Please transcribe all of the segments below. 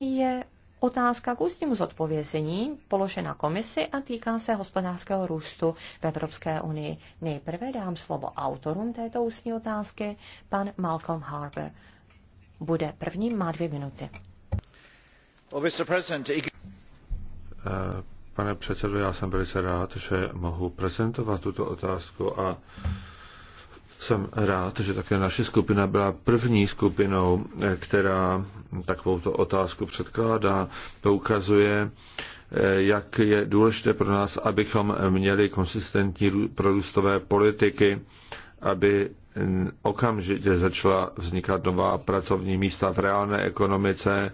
je otázka k ústnímu zodpovězení položena komisi a týká se hospodářského růstu v Evropské unii. Nejprve dám slovo autorům této ústní otázky. Pan Malcolm Harbour bude první, má dvě minuty. Eh, pane předsedo, já jsem velice rád, že mohu prezentovat tuto otázku a jsem rád, že také naše skupina byla první skupinou, eh, která takovou otázku předkládá. To ukazuje, eh, jak je důležité pro nás, abychom měli konsistentní prorůstové politiky, aby okamžitě začala vznikat nová pracovní místa v reálné ekonomice,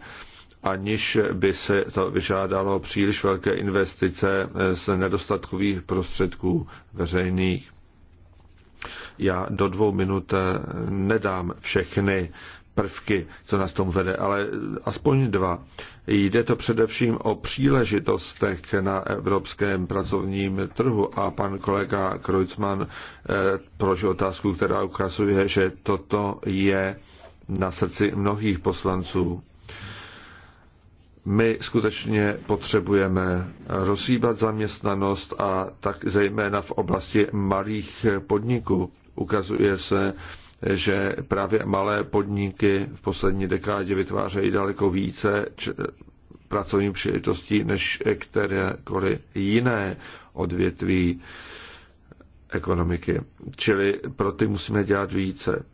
aniž by se to vyžádalo příliš velké investice eh, z nedostatkových prostředků veřejných. Já do dvou minut eh, nedám všechny prvky, co nás tomu vede, ale aspoň dva. Jde to především o příležitostech na evropském pracovním trhu a pan kolega Kreuzmann eh, prožil otázku, která ukazuje, že toto je na srdci mnohých poslanců. My skutečně potřebujeme rozhýbat zaměstnanost a tak zejména v oblasti malých podniků. Ukazuje se, že právě malé podniky v poslední dekádě vytvářejí daleko více pracovní příležitostí než kterékoliv jiné odvětví ekonomiky. Čili pro ty musíme dělat více.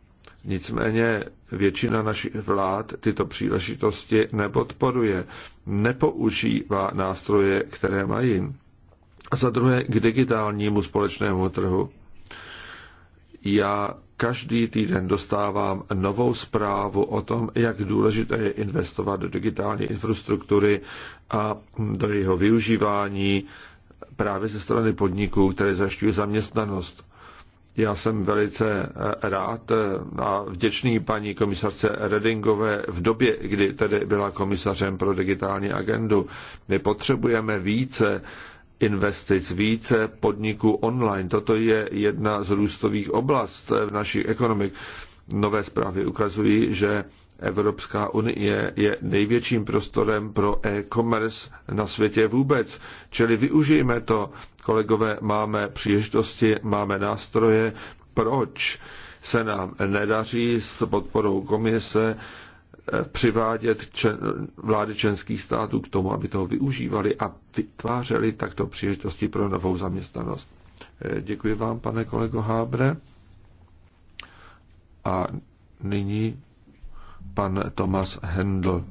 Nicméně většina našich vlád tyto příležitosti nepodporuje, nepoužívá nástroje, které mají. A za druhé k digitálnímu společnému trhu. Já každý týden dostávám novou zprávu o tom, jak důležité je investovat do digitální infrastruktury a do jeho využívání právě ze strany podniků, které zajišťují zaměstnanost. Já jsem velice eh, rád eh, a vděčný paní komisarce Redingové v době, kdy tedy byla komisařem pro digitální agendu. My potřebujeme více investic, více podniků online. Toto je jedna z růstových oblast eh, v našich ekonomik. Nové zprávy ukazují, že Evropská unie je největším prostorem pro e-commerce na světě vůbec. Čili využijeme to, kolegové, máme příležitosti, máme nástroje, proč se nám nedaří s podporou komise eh, přivádět čen, vlády členských států k tomu, aby toho využívali a vytvářeli takto příležitosti pro novou zaměstnanost. Eh, děkuji vám, pane kolego Hábre. A nyní pan Tomas Hendl.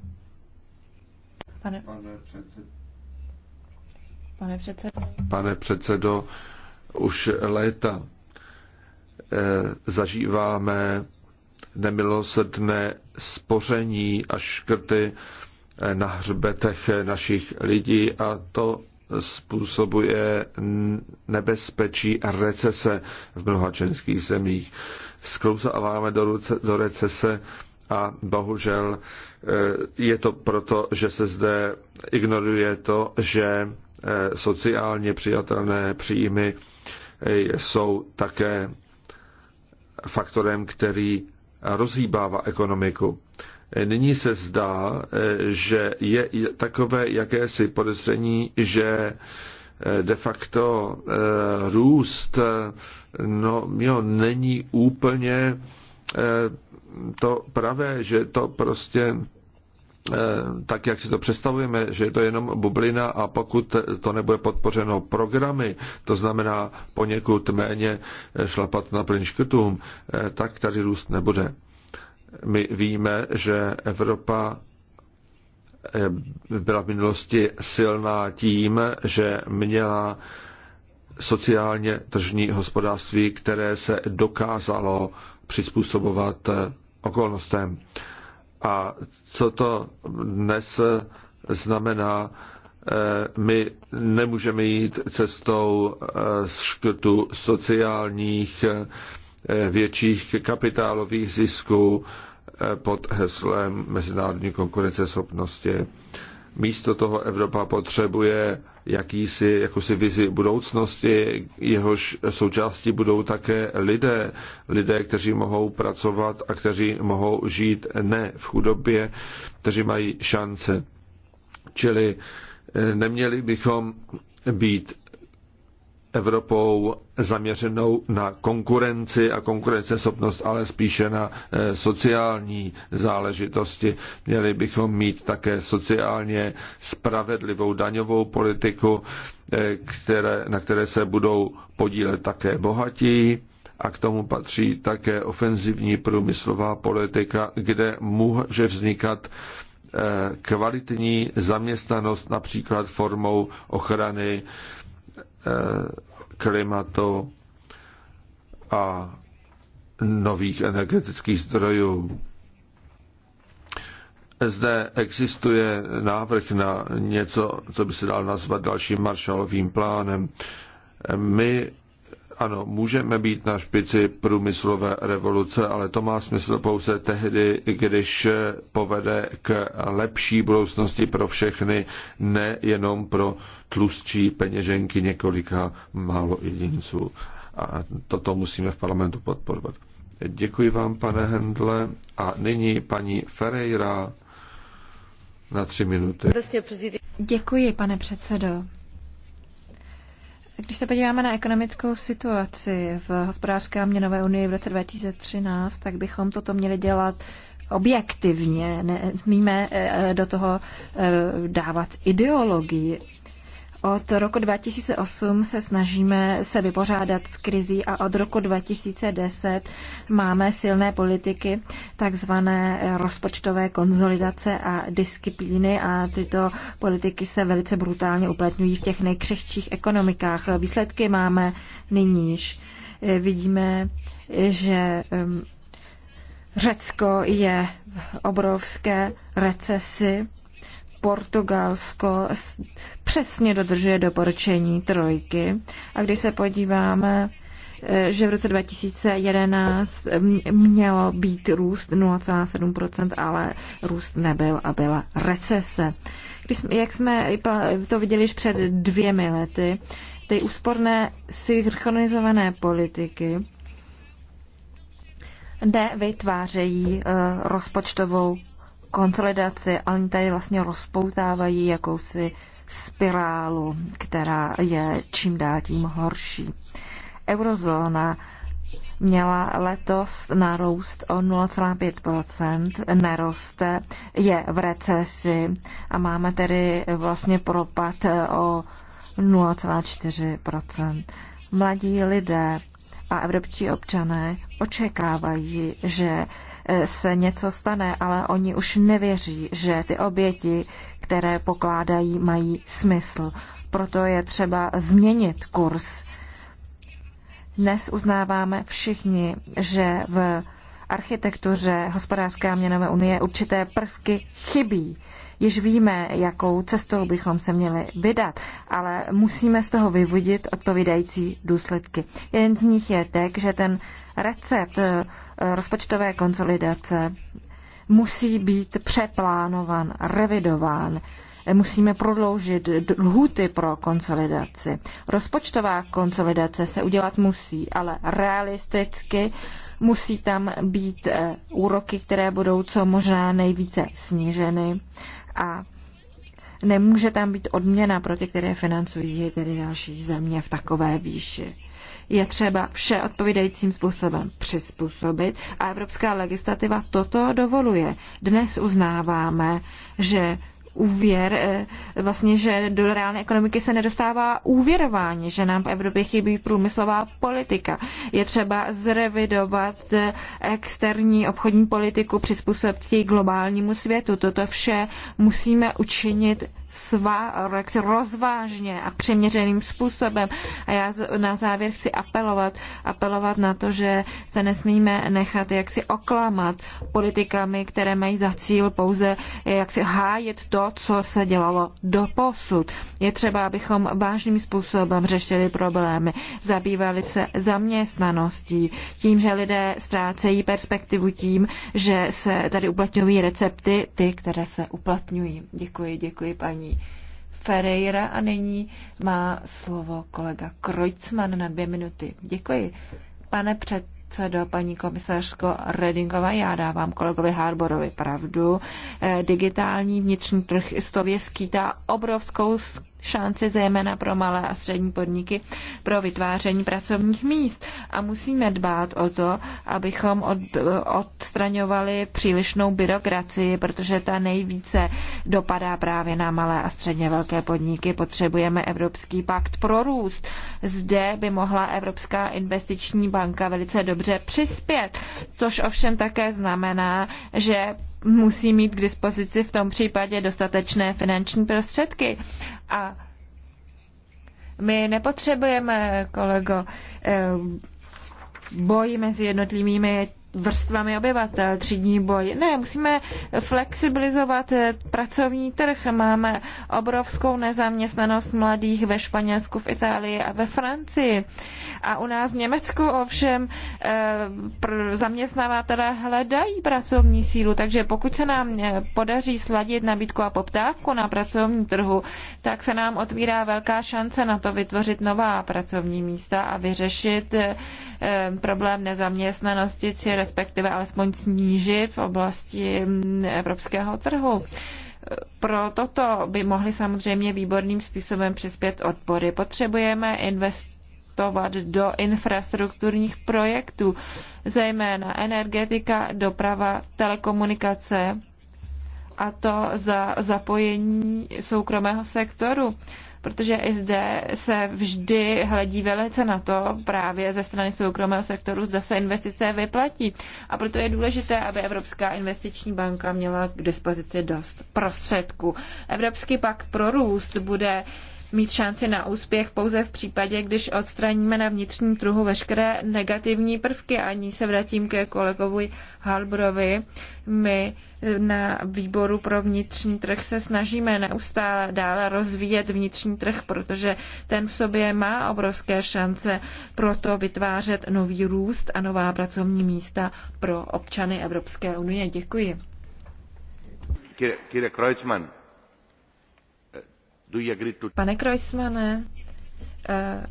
Pane, pane předsedo. Pane předsedo. už léta eh, zažíváme nemilosrdné spoření a škrty eh, na hřbetech našich lidí a to způsobuje nebezpečí recese v mnoha členských zemích. Sklouzáváme do, ruce, do recese a bohužel eh, je to proto, že se zde ignoruje to, že eh, sociálně přijatelné příjmy eh, jsou také faktorem, který rozhýbává ekonomiku. Nyní se zdá, že je takové jakési podezření, že de facto růst no, jo, není úplně to pravé, že to prostě eh, tak, jak si to představujeme, že je to jenom bublina a pokud to nebude podpořeno programy, to znamená poněkud méně eh, šlapat na plyn škrtům, eh, tak tady růst nebude. My víme, že Evropa byla v minulosti silná tím, že měla sociálně tržní hospodářství, které se dokázalo přizpůsobovat okolnostem. A co to dnes znamená, eh, my nemůžeme jít cestou z eh, škrtu sociálních eh, větších kapitálových zisků pod heslem mezinárodní konkurenceschopnosti. schopnosti Místo toho Evropa potřebuje jakýsi, jakousi vizi budoucnosti, jehož součástí budou také lidé. Lidé, kteří mohou pracovat a kteří mohou žít ne v chudobě, kteří mají šance. Čili eh, neměli bychom být Evropou zaměřenou na konkurenci a konkurenceschopnost, ale spíše na eh, sociální záležitosti. Měli bychom mít také sociálně spravedlivou daňovou politiku, eh, které, na které se budou podílet také bohatí a k tomu patří také ofenzivní průmyslová politika, kde může vznikat eh, kvalitní zaměstnanost například formou ochrany klimatu a nových energetických zdrojů. Zde existuje návrh na něco, co by se dal nazvat dalším Marshallovým plánem. My ano, můžeme být na špici průmyslové revoluce, ale to má smysl pouze tehdy, když povede k lepší budoucnosti pro všechny, ne jenom pro tlustší peněženky několika málo jedinců. A toto musíme v parlamentu podporovat. Děkuji vám, pane Hendle. A nyní paní Ferreira na tři minuty. Děkuji, pane předsedo. Když se podíváme na ekonomickou situaci v hospodářské a měnové unii v roce 2013, tak bychom toto měli dělat objektivně. Nesmíme eh, do toho eh, dávat ideologii. Od roku 2008 se snažíme se vypořádat s krizí a od roku 2010 máme silné politiky takzvané rozpočtové konzolidace a disciplíny a tyto politiky se velice brutálně uplatňují v těch nejkřehčích ekonomikách. Výsledky máme nyníž. Vidíme, že ehm, Řecko je v obrovské recesi Portugalsko přesně dodržuje doporučení trojky. A když se podíváme, eh, že v roce 2011 mělo být růst 0,7%, ale růst nebyl a byla recese. Když, jsme, jak jsme to viděli již před dvěmi lety, ty úsporné synchronizované politiky nevytvářejí eh, rozpočtovou konsolidaci, ale oni tady vlastně rozpoutávají jakousi spirálu, která je čím dál tím horší. Eurozóna měla letos nárůst o 0,5%, neroste, je v recesi a máme tedy vlastně propad o 0,4%. Mladí lidé a evropští občané očekávají, že e, se něco stane, ale oni už nevěří, že ty oběti, které pokládají, mají smysl. Proto je třeba změnit kurz. Dnes uznáváme všichni, že v architektuře hospodářské a měnové unie určité prvky chybí. Již víme, jakou cestou bychom se měli vydat, ale musíme z toho vyvodit odpovídající důsledky. Jeden z nich je tak, že ten recept eh, rozpočtové konsolidace musí být přeplánovan, revidován musíme prodloužit lhuty pro konsolidaci. Rozpočtová konsolidace se udělat musí, ale realisticky musí tam být eh, úroky, které budou co možná nejvíce sníženy a nemůže tam být odměna pro ty, které financují tedy další země v takové výši. Je třeba vše odpovídajícím způsobem přizpůsobit a evropská legislativa toto dovoluje. Dnes uznáváme, že úvěr, eh, vlastně, že do reálné ekonomiky se nedostává úvěrování, že nám v Evropě chybí průmyslová politika. Je třeba zrevidovat eh, externí obchodní politiku, přizpůsobit ji globálnímu světu. Toto vše musíme učinit sva jaksi rozvážně a přiměřeným způsobem. A já na závěr chci apelovat, apelovat na to, že se nesmíme nechat jaksi oklamat politikami, které mají za cíl pouze jaksi hájit to, co se dělalo do posud. Je třeba, abychom vážným způsobem řešili problémy, zabývali se zaměstnaností, tím, že lidé ztrácejí perspektivu tím, že se tady uplatňují recepty, ty, které se uplatňují. Děkuji, děkuji paní paní Ferreira a nyní má slovo kolega Kreutzmann na dvě minuty. Děkuji. Pane předsedo, paní komisařko Redingova, já dávám kolegovi Harborovi pravdu. Eh, digitální vnitřní trh stově skýtá obrovskou šanci zejména pro malé a střední podniky pro vytváření pracovních míst. A musíme dbát o to, abychom od, odstraňovali přílišnou byrokracii, protože ta nejvíce dopadá právě na malé a středně velké podniky. Potřebujeme Evropský pakt pro růst. Zde by mohla Evropská investiční banka velice dobře přispět, což ovšem také znamená, že musí mít k dispozici v tom případě dostatečné finanční prostředky. A my nepotřebujeme, kolego, eh, boj mezi jednotlivými vrstvami obyvatel, třídní boj. Ne, musíme flexibilizovat eh, pracovní trh. Máme obrovskou nezaměstnanost mladých ve Španělsku, v Itálii a ve Francii. A u nás v Německu ovšem eh, zaměstnavatele hledají pracovní sílu, takže pokud se nám eh, podaří sladit nabídku a poptávku na pracovní trhu, tak se nám otvírá velká šance na to vytvořit nová pracovní místa a vyřešit problém nezaměstnanosti či respektive alespoň snížit v oblasti mm, evropského trhu. Pro toto by mohly samozřejmě výborným způsobem přispět odpory. Potřebujeme investovat do infrastrukturních projektů, zejména energetika, doprava, telekomunikace a to za zapojení soukromého sektoru protože i zde se vždy hledí velice na to právě ze strany soukromého sektoru, zda se investice vyplatí. A proto je důležité, aby Evropská investiční banka měla k dispozici dost prostředků. Evropský pakt pro růst bude mít šanci na úspěch pouze v případě, když odstraníme na vnitřním trhu veškeré negativní prvky. A ní se vrátím ke kolegovi Halbrovi. My na výboru pro vnitřní trh se snažíme neustále dále rozvíjet vnitřní trh, protože ten v sobě má obrovské šance pro to vytvářet nový růst a nová pracovní místa pro občany Evropské unie. Děkuji. Kire, kire Kreuzmann. Pane Krojsmane, eh,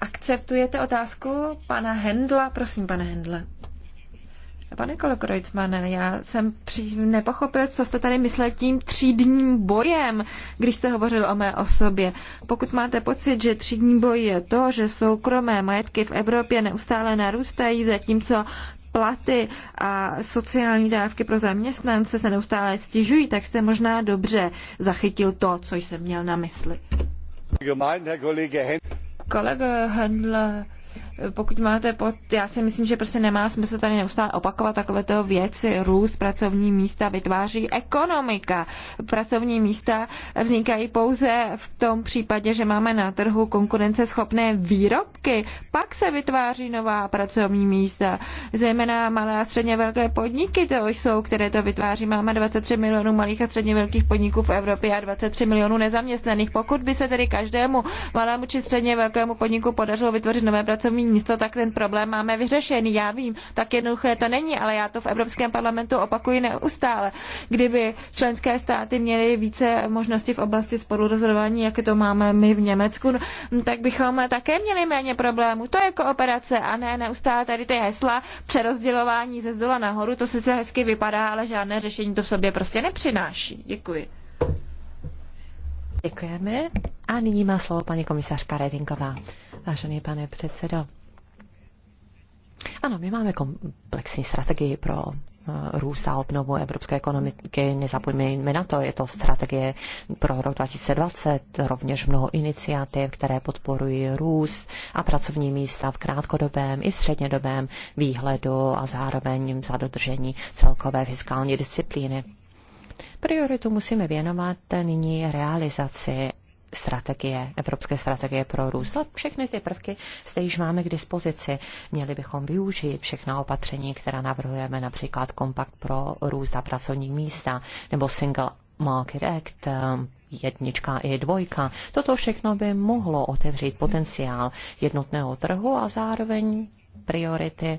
akceptujete otázku pana Hendla? Prosím, pane Hendle. Pane Kolokroitmane, já jsem při... nepochopil, co jste tady myslel tím třídním bojem, když jste hovořil o mé osobě. Pokud máte pocit, že třídní boj je to, že soukromé majetky v Evropě neustále narůstají, zatímco platy a sociální dávky pro zaměstnance se neustále stěžují, tak jste možná dobře zachytil to, co jsem měl na mysli. Kolego Hendl, pokud máte pod, já si myslím, že prostě nemá smysl tady neustále opakovat takovéto věci, růst pracovní místa vytváří ekonomika. Pracovní místa vznikají pouze v tom případě, že máme na trhu konkurenceschopné výrobky, pak se vytváří nová pracovní místa, zejména malé a středně velké podniky to jsou, které to vytváří. Máme 23 milionů malých a středně velkých podniků v Evropě a 23 milionů nezaměstnaných. Pokud by se tedy každému malému či středně velkému podniku podařilo vytvořit nové pracovní pracovní místo, tak ten problém máme vyřešený. Já vím, tak jednoduché to není, ale já to v Evropském parlamentu opakuji neustále. Kdyby členské státy měly více možností v oblasti spolurozhodování, jak to máme my v Německu, no, tak bychom také měli méně problémů. To je kooperace a ne neustále tady ty hesla přerozdělování ze zdola nahoru, to sice hezky vypadá, ale žádné řešení to v sobě prostě nepřináší. Děkuji. Děkujeme. A nyní má slovo paní komisařka Redinková vážený pane předsedo. Ano, my máme komplexní strategii pro eh, růst a obnovu evropské ekonomiky. Nezapomeňme na to, je to strategie pro rok 2020, rovněž mnoho iniciativ, které podporují růst a pracovní místa v krátkodobém i střednědobém výhledu a zároveň za dodržení celkové fiskální disciplíny. Prioritu musíme věnovat nyní realizaci strategie, evropské strategie pro růst. všechny ty prvky zde již máme k dispozici. Měli bychom využít všechna opatření, která navrhujeme, například kompakt pro růst a pracovní místa, nebo single Market Act, jednička i dvojka. Toto všechno by mohlo otevřít potenciál jednotného trhu a zároveň priority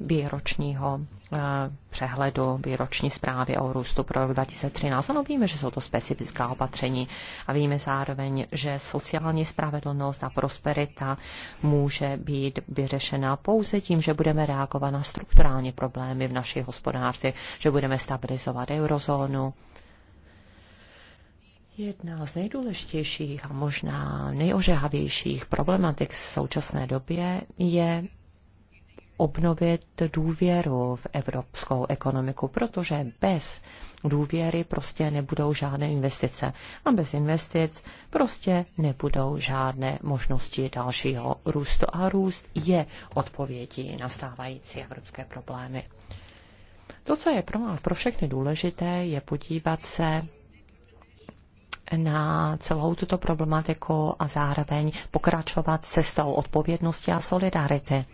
výročního Eh, přehledu výroční zprávy o růstu pro rok 2013. Ano, víme, že jsou to specifická opatření a víme zároveň, že sociální spravedlnost a prosperita může být vyřešena pouze tím, že budeme reagovat na strukturální problémy v naší hospodářství, že budeme stabilizovat eurozónu, Jedna z nejdůležitějších a možná nejožehavějších problematik v současné době je obnovit důvěru v evropskou ekonomiku, protože bez důvěry prostě nebudou žádné investice. A bez investic prostě nebudou žádné možnosti dalšího růstu. A růst je odpovědí na stávající evropské problémy. To, co je pro nás pro všechny důležité, je podívat se na celou tuto problematiku a zároveň pokračovat cestou odpovědnosti a solidarity,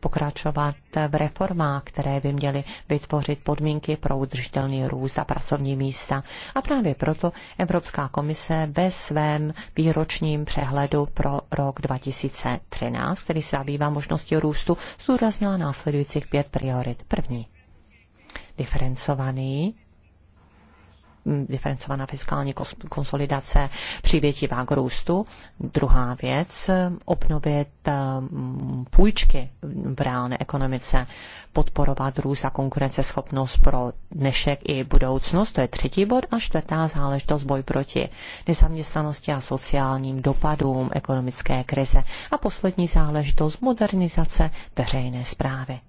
pokračovat v reformách, které by měly vytvořit podmínky pro udržitelný růst a pracovní místa. A právě proto Evropská komise ve svém výročním přehledu pro rok 2013, který se zabývá možností růstu, zdůraznila následujících pět priorit. První. Diferencovaný Mm, diferencovaná fiskální konsolidace přivětivá k růstu. Druhá věc, obnovit mm, půjčky v reálné ekonomice, podporovat růst a konkurenceschopnost pro dnešek i budoucnost, to je třetí bod, a čtvrtá záležitost boj proti nezaměstnanosti a sociálním dopadům ekonomické krize a poslední záležitost modernizace veřejné zprávy.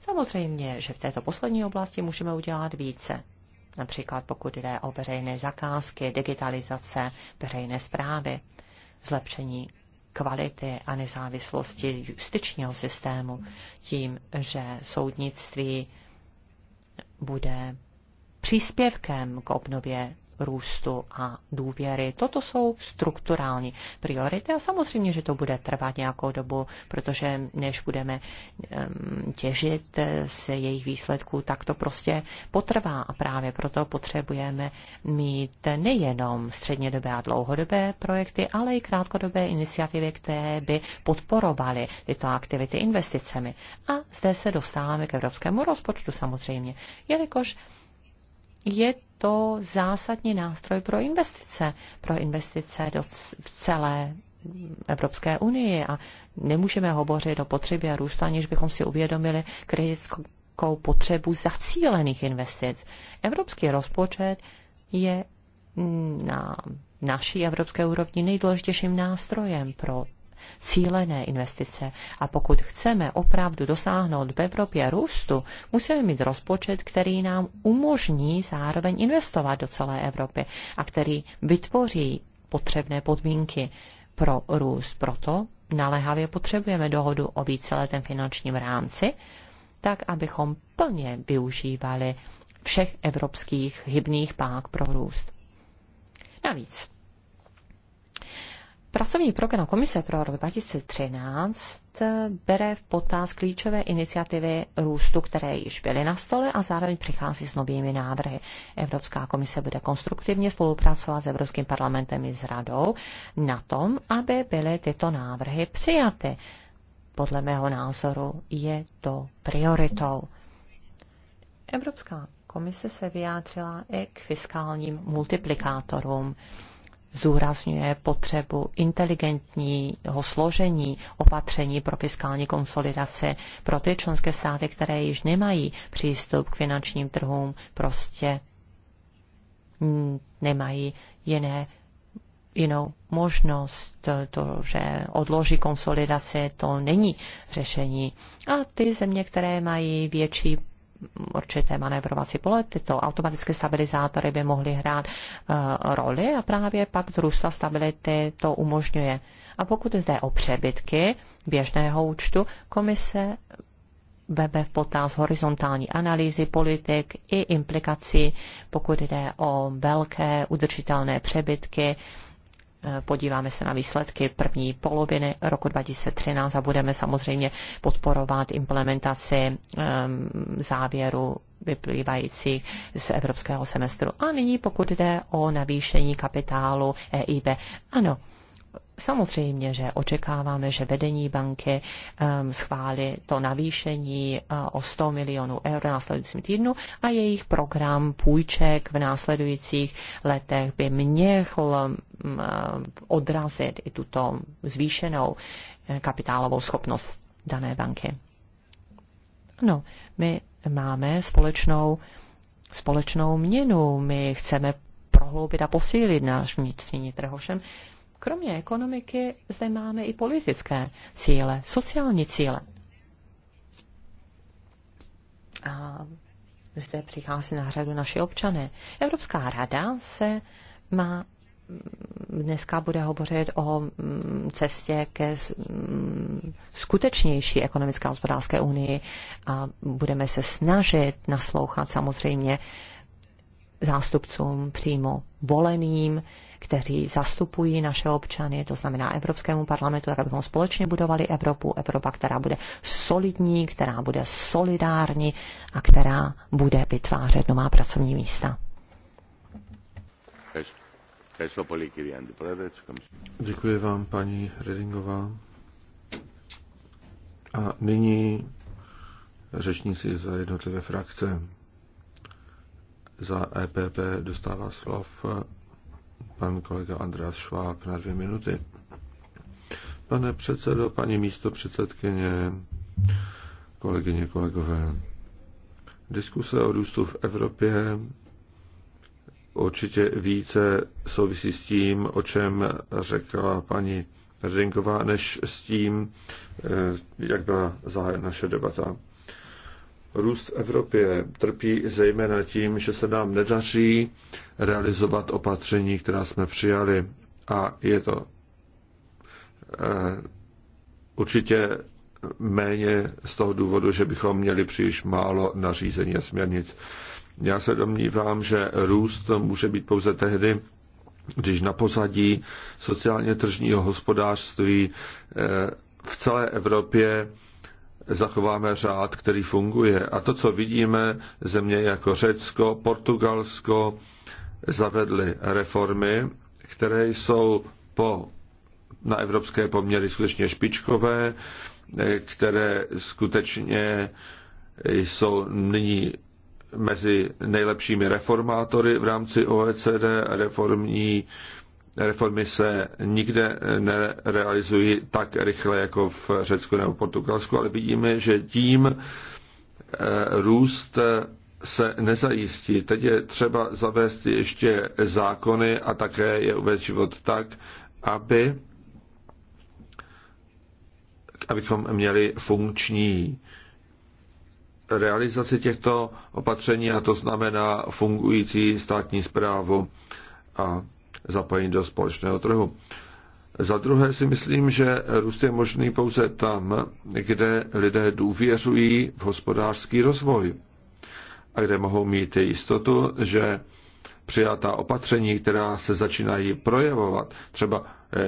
Samozřejmě, že v této poslední oblasti můžeme udělat více například pokud jde o veřejné zakázky, digitalizace veřejné zprávy, zlepšení kvality a nezávislosti justičního systému tím, že soudnictví bude příspěvkem k obnově růstu a důvěry. Toto jsou strukturální priority a samozřejmě, že to bude trvat nějakou dobu, protože než budeme těžit se jejich výsledků, tak to prostě potrvá a právě proto potřebujeme mít nejenom střednědobé a dlouhodobé projekty, ale i krátkodobé iniciativy, které by podporovaly tyto aktivity investicemi. A zde se dostáváme k evropskému rozpočtu samozřejmě, jelikož je to zásadní nástroj pro investice, pro investice do celé Evropské unii a nemůžeme hovořit o potřebě a růstu, aniž bychom si uvědomili kritickou potřebu zacílených investic. Evropský rozpočet je na naší evropské úrovni nejdůležitějším nástrojem pro cílené investice. A pokud chceme opravdu dosáhnout v Evropě růstu, musíme mít rozpočet, který nám umožní zároveň investovat do celé Evropy a který vytvoří potřebné podmínky pro růst. Proto naléhavě potřebujeme dohodu o víceletém finančním rámci, tak abychom plně využívali všech evropských hybných pák pro růst. Navíc Pracovní program Komise pro rok 2013 eh, bere v potaz klíčové iniciativy růstu, které již byly na stole a zároveň přichází s novými návrhy. Evropská komise bude konstruktivně spolupracovat s Evropským parlamentem i s radou na tom, aby byly tyto návrhy přijaty. Podle mého názoru je to prioritou. Evropská komise se vyjádřila i k fiskálním multiplikátorům zdůrazňuje potřebu inteligentního složení opatření pro fiskální konsolidaci pro ty členské státy, které již nemají přístup k finančním trhům, prostě nemají jiné jinou možnost, to, že odloží konsolidaci, to není řešení. A ty země, které mají větší určité manévrovací pole. Tyto automatické stabilizátory by mohly hrát eh, roli a právě pak růst stability to umožňuje. A pokud jde o přebytky běžného účtu, komise vebe v potaz horizontální analýzy politik i implikací, pokud jde o velké udržitelné přebytky, podíváme se na výsledky první poloviny roku 2013 a budeme samozřejmě podporovat implementaci závěru vyplývajících z evropského semestru. A nyní pokud jde o navýšení kapitálu EIB. Ano, Samozřejmě, že očekáváme, že vedení banky um, schválí to navýšení uh, o 100 milionů eur v následujícím týdnu a jejich program půjček v následujících letech by měl um, odrazit i tuto zvýšenou eh, kapitálovou schopnost dané banky. No, my máme společnou, společnou měnu, my chceme prohloubit a posílit náš vnitřní trh. Ovšem Kromě ekonomiky zde máme i politické cíle, sociální cíle. A zde přichází na řadu naši občané. Evropská rada se má dneska bude hovořit o mm, cestě ke mm, skutečnější ekonomické a hospodářské unii a budeme se snažit naslouchat samozřejmě zástupcům přímo voleným kteří zastupují naše občany, to znamená Evropskému parlamentu, tak abychom společně budovali Evropu, Evropa, která bude solidní, která bude solidární a která bude vytvářet nová pracovní místa. Děkuji vám, paní Redingová. A nyní řečníci za jednotlivé frakce. Za EPP dostává slov pan kolega Andreas Schwab na dvě minuty. Pane předsedo, paní místo předsedkyně, kolegyně, kolegové. Diskuse o růstu v Evropě určitě více souvisí s tím, o čem řekla paní Redingová, než s tím, eh, jak byla zahájena naše debata. Růst v Evropě trpí zejména tím, že se nám nedaří realizovat opatření, která jsme přijali. A je to eh, určitě méně z toho důvodu, že bychom měli příliš málo nařízení a směrnic. Já se domnívám, že růst může být pouze tehdy, když na pozadí sociálně tržního hospodářství eh, v celé Evropě zachováme řád, který funguje. A to, co vidíme, země jako Řecko, Portugalsko zavedly reformy, které jsou po, na evropské poměry skutečně špičkové, které skutečně jsou nyní mezi nejlepšími reformátory v rámci OECD, reformní reformy se nikde nerealizují tak rychle jako v Řecku nebo Portugalsku, ale vidíme, že tím eh, růst se nezajistí. Teď je třeba zavést ještě zákony a také je uvést život tak, aby abychom měli funkční realizaci těchto opatření a to znamená fungující státní zprávu a zapojení do společného trhu. Za druhé si myslím, že růst je možný pouze tam, kde lidé důvěřují v hospodářský rozvoj a kde mohou mít jistotu, že přijatá opatření, která se začínají projevovat, třeba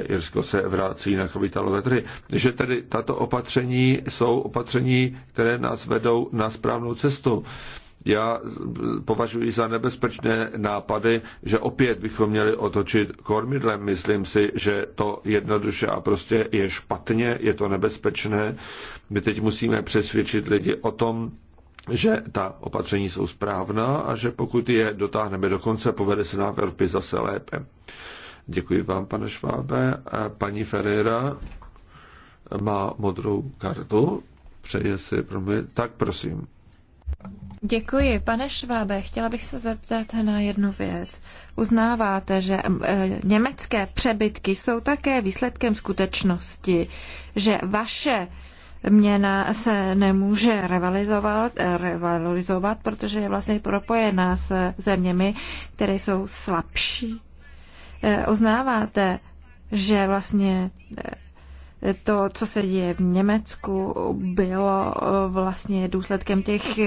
Jirsko eh, se vrací na kapitalové trhy, že tedy tato opatření jsou opatření, které nás vedou na správnou cestu. Já eh, považuji za nebezpečné nápady, že opět bychom měli otočit kormidlem. Myslím si, že to jednoduše a prostě je špatně, je to nebezpečné. My teď musíme přesvědčit lidi o tom, že ta opatření jsou správná a že pokud je dotáhneme do konce, povede se nám Evropy zase lépe. Děkuji vám, pane Švábe. Paní Ferreira má modrou kartu. Přeje si promluvit. Tak prosím. Děkuji. Pane Švábe, chtěla bych se zeptat na jednu věc. Uznáváte, že eh, německé přebytky jsou také výsledkem skutečnosti, že vaše měna se nemůže revalizovat, eh, revalizovat protože je vlastně propojená s zeměmi, které jsou slabší. Eh, uznáváte, že vlastně to, co se děje v Německu, bylo vlastně důsledkem těch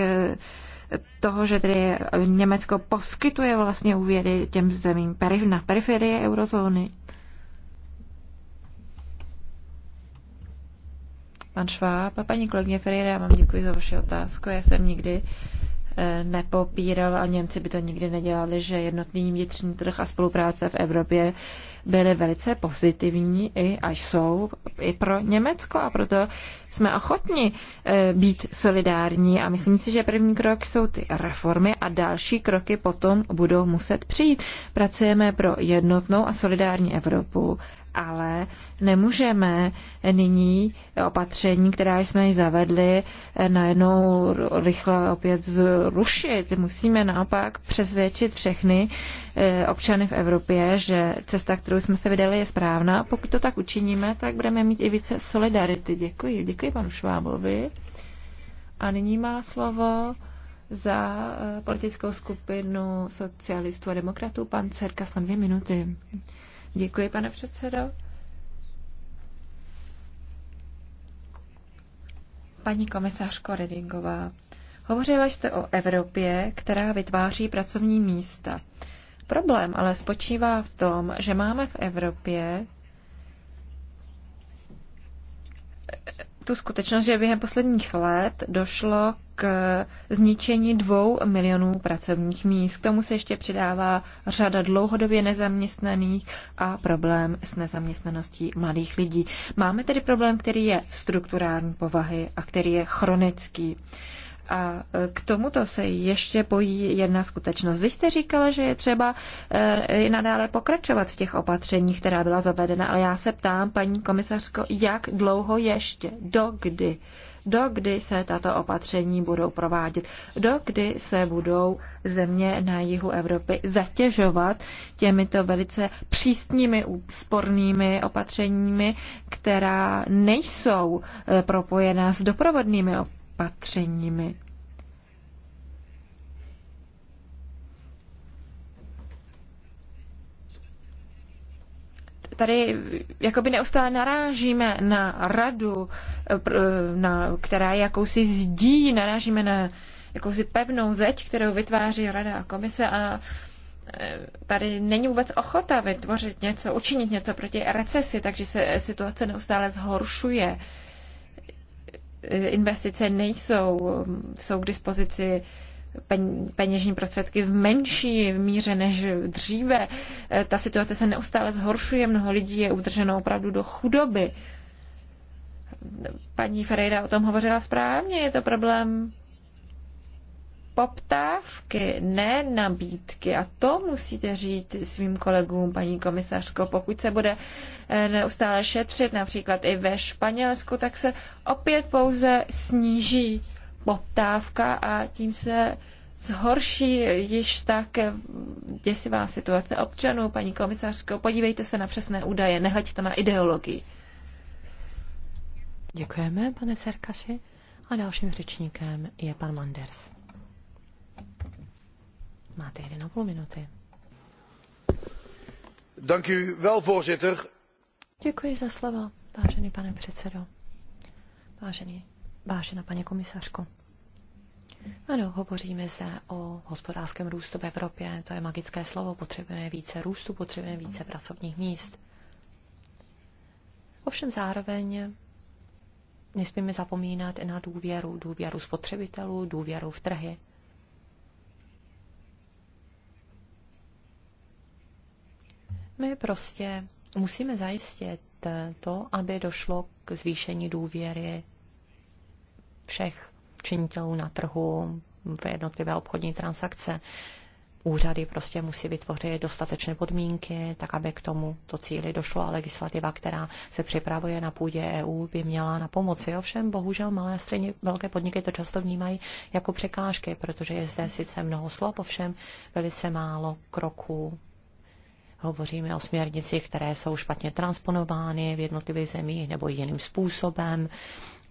toho, že tedy Německo poskytuje vlastně úvěry těm zemím na periferie eurozóny? Pan Schwab a paní kolegyně Ferreira, já vám děkuji za vaši otázku. Já jsem nikdy uh, Eh, nepopíral a Němci by to nikdy nedělali, že jednotný vnitřní trh a spolupráce v Evropě byly velice pozitivní i až jsou i pro Německo a proto jsme ochotni eh, být solidární a myslím si, že první krok jsou ty reformy a další kroky potom budou muset přijít. Pracujeme pro jednotnou a solidární Evropu ale nemůžeme nyní opatření, která jsme ji zavedli, najednou rychle opět zrušit. Musíme naopak přesvědčit všechny eh, občany v Evropě, že cesta, kterou jsme se vydali, je správná. Pokud to tak učiníme, tak budeme mít i více solidarity. Děkuji. Děkuji panu Švábovi. A nyní má slovo za eh, politickou skupinu socialistů a demokratů pan Cerkas na dvě minuty. Děkuji, pane předsedo. Paní komisařko Redingová, hovořila jste o Evropě, která vytváří pracovní místa. Problém ale spočívá v tom, že máme v Evropě tu skutečnost, že během posledních let došlo k zničení dvou milionů pracovních míst. K tomu se ještě přidává řada dlouhodobě nezaměstnaných a problém s nezaměstnaností mladých lidí. Máme tedy problém, který je strukturální povahy a který je chronický. A e, k tomuto se ještě pojí jedna skutečnost. Vy jste říkala, že je třeba e, i nadále pokračovat v těch opatřeních, která byla zavedena, ale já se ptám, paní komisařko, jak dlouho ještě, do kdy, do kdy se tato opatření budou provádět, do kdy se budou země na jihu Evropy zatěžovat těmito velice přísnými, úspornými opatřeními, která nejsou e, propojená s doprovodnými opatřeními opatřeními. Tady jakoby neustále narážíme na radu, na, která je jakousi zdí, narážíme na jakousi pevnou zeď, kterou vytváří rada a komise a e, tady není vůbec ochota vytvořit něco, učinit něco proti recesi, takže se situace neustále zhoršuje investice nejsou, jsou k dispozici peněžní prostředky v menší míře než dříve. Ta situace se neustále zhoršuje, mnoho lidí je udrženo opravdu do chudoby. Paní Ferreira o tom hovořila správně, je to problém poptávky, ne nabídky. A to musíte říct svým kolegům, paní komisařko. Pokud se bude eh, neustále šetřit, například i ve Španělsku, tak se opět pouze sníží poptávka a tím se zhorší již tak eh, děsivá situace občanů. Paní komisařko, podívejte se na přesné údaje, nehleďte na ideologii. Děkujeme, pane Serkaši. A dalším řečníkem je pan Manders. Máte minuty. Dank u wel, voorzitter. Děkuji za slovo, vážený pane předsedo. Vážený, vážená paní komisařko. Ano, hovoříme zde o hospodářském růstu v Evropě. To je magické slovo. Potřebujeme více růstu, potřebujeme více pracovních míst. Ovšem zároveň nesmíme zapomínat i na důvěru, důvěru spotřebitelů, důvěru v trhy. My prostě musíme zajistit to, aby došlo k zvýšení důvěry všech činitelů na trhu v jednotlivé obchodní transakce. Úřady prostě musí vytvořit dostatečné podmínky, tak aby k tomu to cíli došlo a legislativa, která se připravuje na půdě EU, by měla na pomoci. Ovšem, bohužel malé a středně velké podniky to často vnímají jako překážky, protože je zde sice mnoho slov, ovšem velice málo kroků Hovoříme o směrnicích, které jsou špatně transponovány v jednotlivých zemích nebo jiným způsobem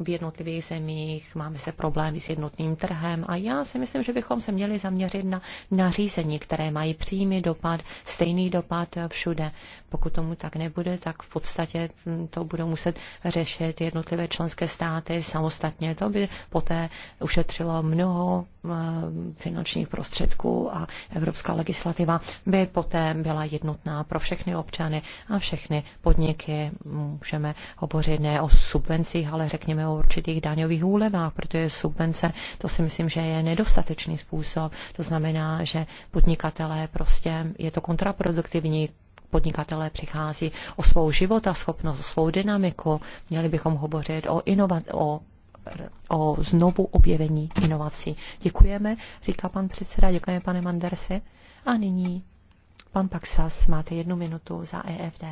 v jednotlivých zemích, máme se problémy s jednotným trhem a já si myslím, že bychom se měli zaměřit na nařízení, které mají přímý dopad, stejný dopad všude. Pokud tomu tak nebude, tak v podstatě hm, to budou muset řešit jednotlivé členské státy samostatně. To by poté ušetřilo mnoho hm, finančních prostředků a evropská legislativa by poté byla jednotná pro všechny občany a všechny podniky. Můžeme hovořit ne o subvencích, ale řekněme o určitých daňových úlevách, protože subvence, to si myslím, že je nedostatečný způsob. To znamená, že podnikatelé prostě, je to kontraproduktivní, podnikatelé přichází o svou schopnost, o svou dynamiku. Měli bychom hovořit o, inovat, o o znovu objevení inovací. Děkujeme, říká pan předseda, děkujeme pane Mandersi. A nyní pan Paxas, máte jednu minutu za EFD.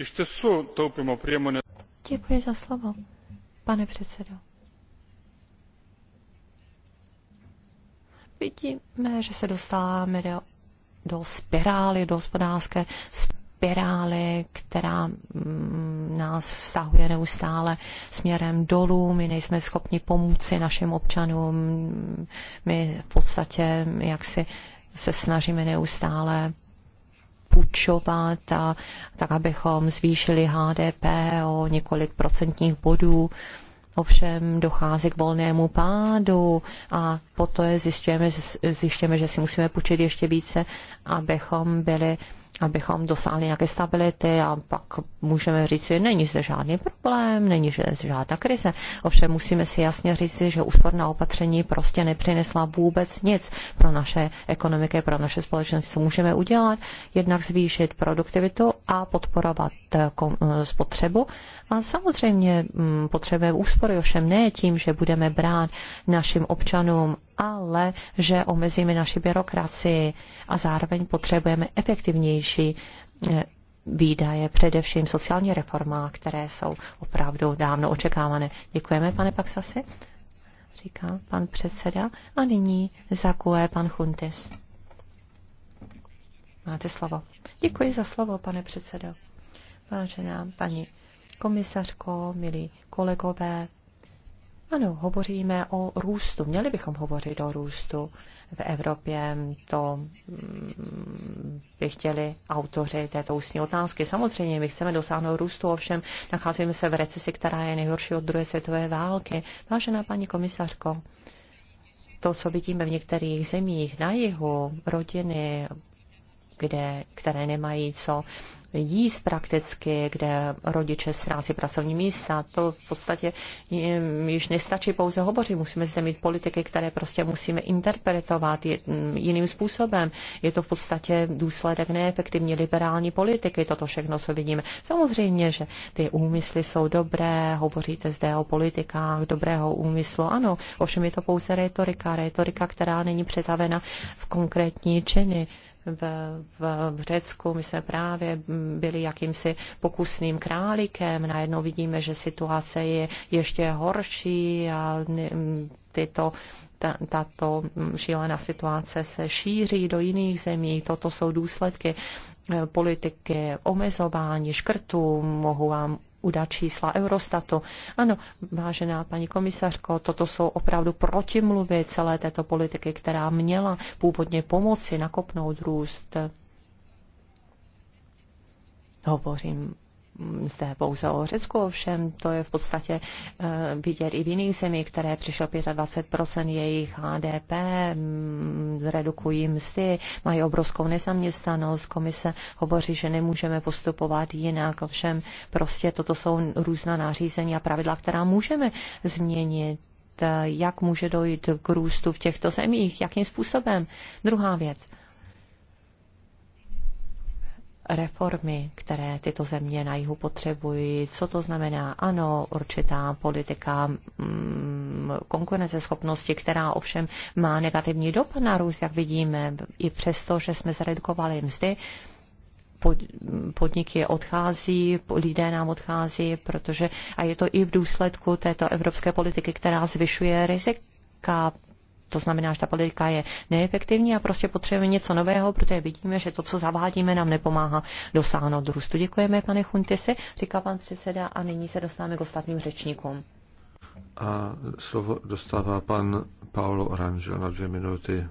iš tiesų taupimo priemonė. Děkuji za slovo, pane předsedo. Vidíme, že se dostáváme do, do spirály, do hospodářské spirály, která mm, nás stahuje neustále směrem dolů. My nejsme schopni pomoci našim občanům. My v podstatě jaksi se snažíme neustále půjčovat, a, tak abychom zvýšili HDP o několik procentních bodů. Ovšem dochází k volnému pádu a poté zjišťujeme, zjišťujeme, že si musíme půjčit ještě více, abychom byli uh, abychom dosáhli nějaké stability a pak můžeme říct, že není zde žádný problém, není zde žádná krize. Ovšem musíme si jasně říct, že úsporná opatření prostě nepřinesla vůbec nic pro naše ekonomiky, pro naše společnosti. Co můžeme udělat? Jednak zvýšit produktivitu a podporovat eh, eh, spotřebu. A samozřejmě mm, potřebujeme úspory, ovšem ne tím, že budeme brát našim občanům ale že omezíme naši byrokracii a zároveň potřebujeme efektivnější eh, výdaje, především sociální reforma, které jsou opravdu dávno očekávané. Děkujeme, pane Paksasi, říká pan předseda. A nyní zakuje pan Chuntis. Máte slovo. Děkuji za slovo, pane předsedo. Vážená paní komisařko, milí kolegové, ano, hovoříme o růstu. Měli bychom hovořit o růstu v Evropě. To mm, by chtěli autoři této ústní otázky. Samozřejmě, my chceme dosáhnout růstu, ovšem nacházíme se v recesi, která je nejhorší od druhé světové války. Vážená paní komisařko, to, co vidíme v některých zemích na jihu, rodiny, kde, které nemají co jíst prakticky, kde rodiče ztrácí pracovní místa. To v podstatě již nestačí pouze hovořit. Musíme zde mít politiky, které prostě musíme interpretovat jiným způsobem. Je to v podstatě důsledek neefektivní liberální politiky, toto všechno, co vidíme. Samozřejmě, že ty úmysly jsou dobré, hovoříte zde o politikách dobrého úmyslu. Ano, ovšem je to pouze retorika, retorika, která není přetavena v konkrétní činy v, v, v Řecku. My jsme právě byli jakýmsi pokusným králíkem. Najednou vidíme, že situace je ještě horší a tyto ta, tato šílená situace se šíří do jiných zemí. Toto jsou důsledky eh, politiky, omezování, škrtů. Mohu vám udat čísla Eurostatu. Ano, vážená paní komisařko, toto jsou opravdu protimluvy celé této politiky, která měla původně pomoci nakopnout růst. Hovořím zde pouze o Řecku, ovšem to je v podstatě eh, vidět i v jiných zemích, které přišlo 25% jejich HDP, mm, redukují mzdy, mají obrovskou nezaměstnanost, komise hovoří, že nemůžeme postupovat jinak, ovšem prostě toto jsou různá nářízení a pravidla, která můžeme změnit eh, jak může dojít k růstu v těchto zemích, jakým způsobem. Druhá věc reformy, které tyto země na jihu potřebují. Co to znamená? Ano, určitá politika mm, konkurenceschopnosti, která ovšem má negativní dopad na růst, jak vidíme, i přesto, že jsme zredukovali mzdy, podniky odchází, lidé nám odchází, protože a je to i v důsledku této evropské politiky, která zvyšuje rizika to znamená, že ta politika je neefektivní a prostě potřebujeme něco nového, protože vidíme, že to, co zavádíme, nám nepomáhá dosáhnout růstu. Děkujeme, pane Chuntisi, říká pan předseda a nyní se dostáváme k ostatním řečníkům. A slovo dostává pan Paolo Oranžel na dvě minuty.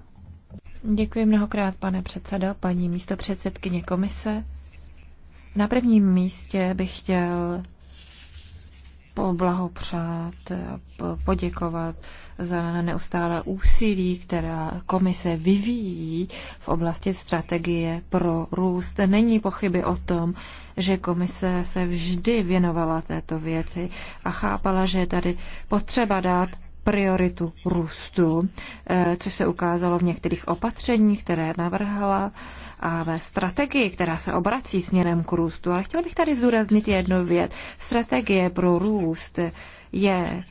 Děkuji mnohokrát, pane předsedo, paní místopředsedkyně komise. Na prvním místě bych chtěl poblahopřát, poděkovat za neustále úsilí, která komise vyvíjí v oblasti strategie pro růst. Není pochyby o tom, že komise se vždy věnovala této věci a chápala, že je tady potřeba dát prioritu růstu, eh, což se ukázalo v některých opatřeních, které navrhla a ve strategii, která se obrací směrem k růstu. Ale chtěl bych tady zdůraznit jednu věc. Strategie pro růst je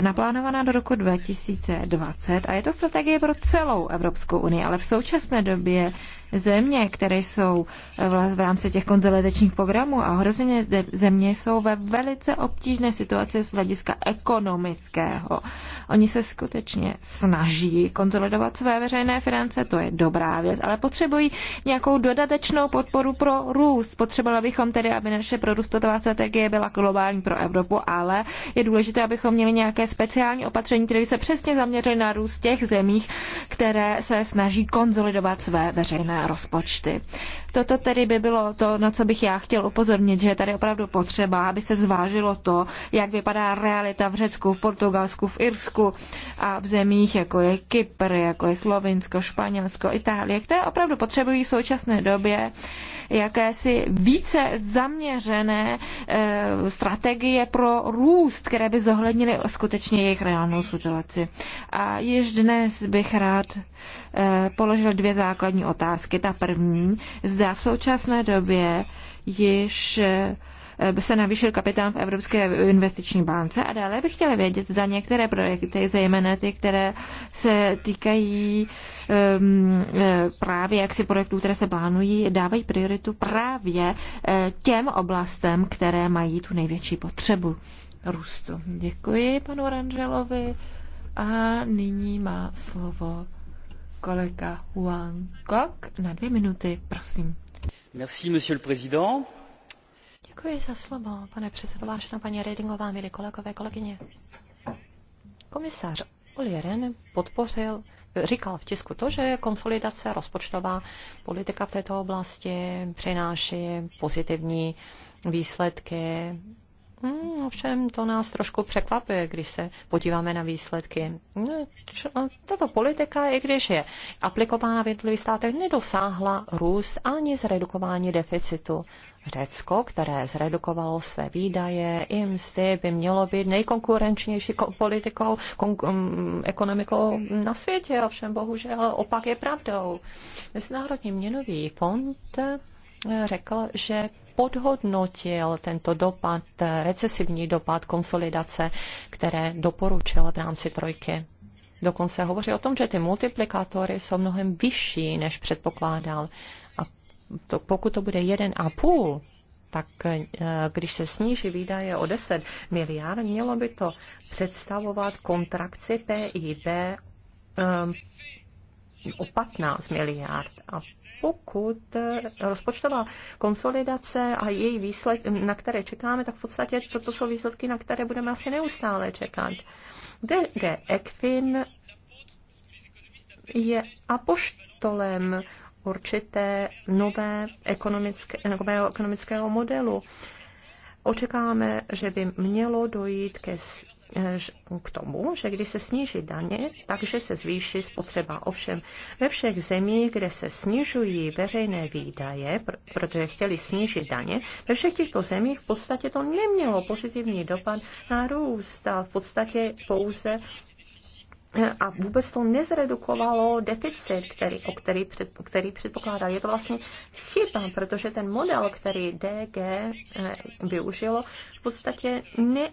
naplánovaná do roku 2020 a je to strategie pro celou Evropskou unii, ale v současné době země, které jsou eh, v rámci těch konzolidačních programů a ohrožené země jsou ve velice obtížné situaci z hlediska ekonomického. Oni se skutečně snaží konzolidovat své veřejné finance, to je dobrá věc, ale potřebují nějakou dodatečnou podporu pro růst. Potřebovali bychom tedy, aby naše prorůstová strategie byla globální pro Evropu, ale je důležité, abychom měli nějaké speciální opatření, které se přesně zaměřily na růst těch zemích, které se snaží konzolidovat své veřejné veřejné rozpočty. Toto tedy by bylo to, na co bych já chtěl upozornit, že je tady opravdu potřeba, aby se zvážilo to, jak vypadá realita v Řecku, v Portugalsku, v Irsku a v zemích, jako je Kypr, jako je Slovinsko, Španělsko, Itálie, které opravdu potřebují v současné době jakési více zaměřené e, strategie pro růst, které by zohlednily skutečně jejich reálnou situaci. A již dnes bych rád e, položil dvě základní otázky otázky. Ta první, zda v současné době již eh, se navýšil kapitán v Evropské investiční bance a dále bych chtěla vědět, za některé projekty, zejména ty, které se týkají um, právě jaksi projektů, které se plánují, dávají prioritu právě eh, těm oblastem, které mají tu největší potřebu růstu. Děkuji panu Rangelovi a nyní má slovo kolega Huang Kok na dvě minuty, prosím. Merci, monsieur le président. Děkuji za slovo, pane předsedo, vážená paní Redingová, milí kolegové, kolegyně. Komisař Oli Ren podpořil říkal v tisku to, že konsolidace rozpočtová politika v této oblasti přináší pozitivní výsledky Hmm, ovšem to nás trošku překvapuje, když se podíváme na výsledky. No, tato politika, i když je aplikována v jednotlivých státech, nedosáhla růst ani zredukování deficitu. Řecko, které zredukovalo své výdaje i mzdy, by mělo být nejkonkurenčnější politikou, mm, ekonomikou na světě. Ovšem bohužel opak je pravdou. Mezinárodní měnový fond eh, řekl, že podhodnotil tento dopad, recesivní dopad konsolidace, které doporučil v rámci trojky. Dokonce hovoří o tom, že ty multiplikátory jsou mnohem vyšší, než předpokládal. A to, pokud to bude 1,5, tak eh, když se sníží výdaje o 10 miliard, mělo by to představovat kontrakci PIB o 15 miliard. A pokud rozpočtová konsolidace a její výsledky, na které čekáme, tak v podstatě toto jsou výsledky, na které budeme asi neustále čekat. DG ECFIN je apoštolem určité nové ekonomické, nového ekonomického modelu. Očekáváme, že by mělo dojít ke Eh, k tomu, že když se sníží daně, takže se zvýší spotřeba. Ovšem ve všech zemích, kde se snižují veřejné výdaje, protože chtěli snížit daně, ve všech těchto zemích v podstatě to nemělo pozitivní dopad na růst a v podstatě pouze eh, a vůbec to nezredukovalo deficit, který, o který, před, který předpokládal. Je to vlastně chyba, protože ten model, který DG eh, využilo, v podstatě ne,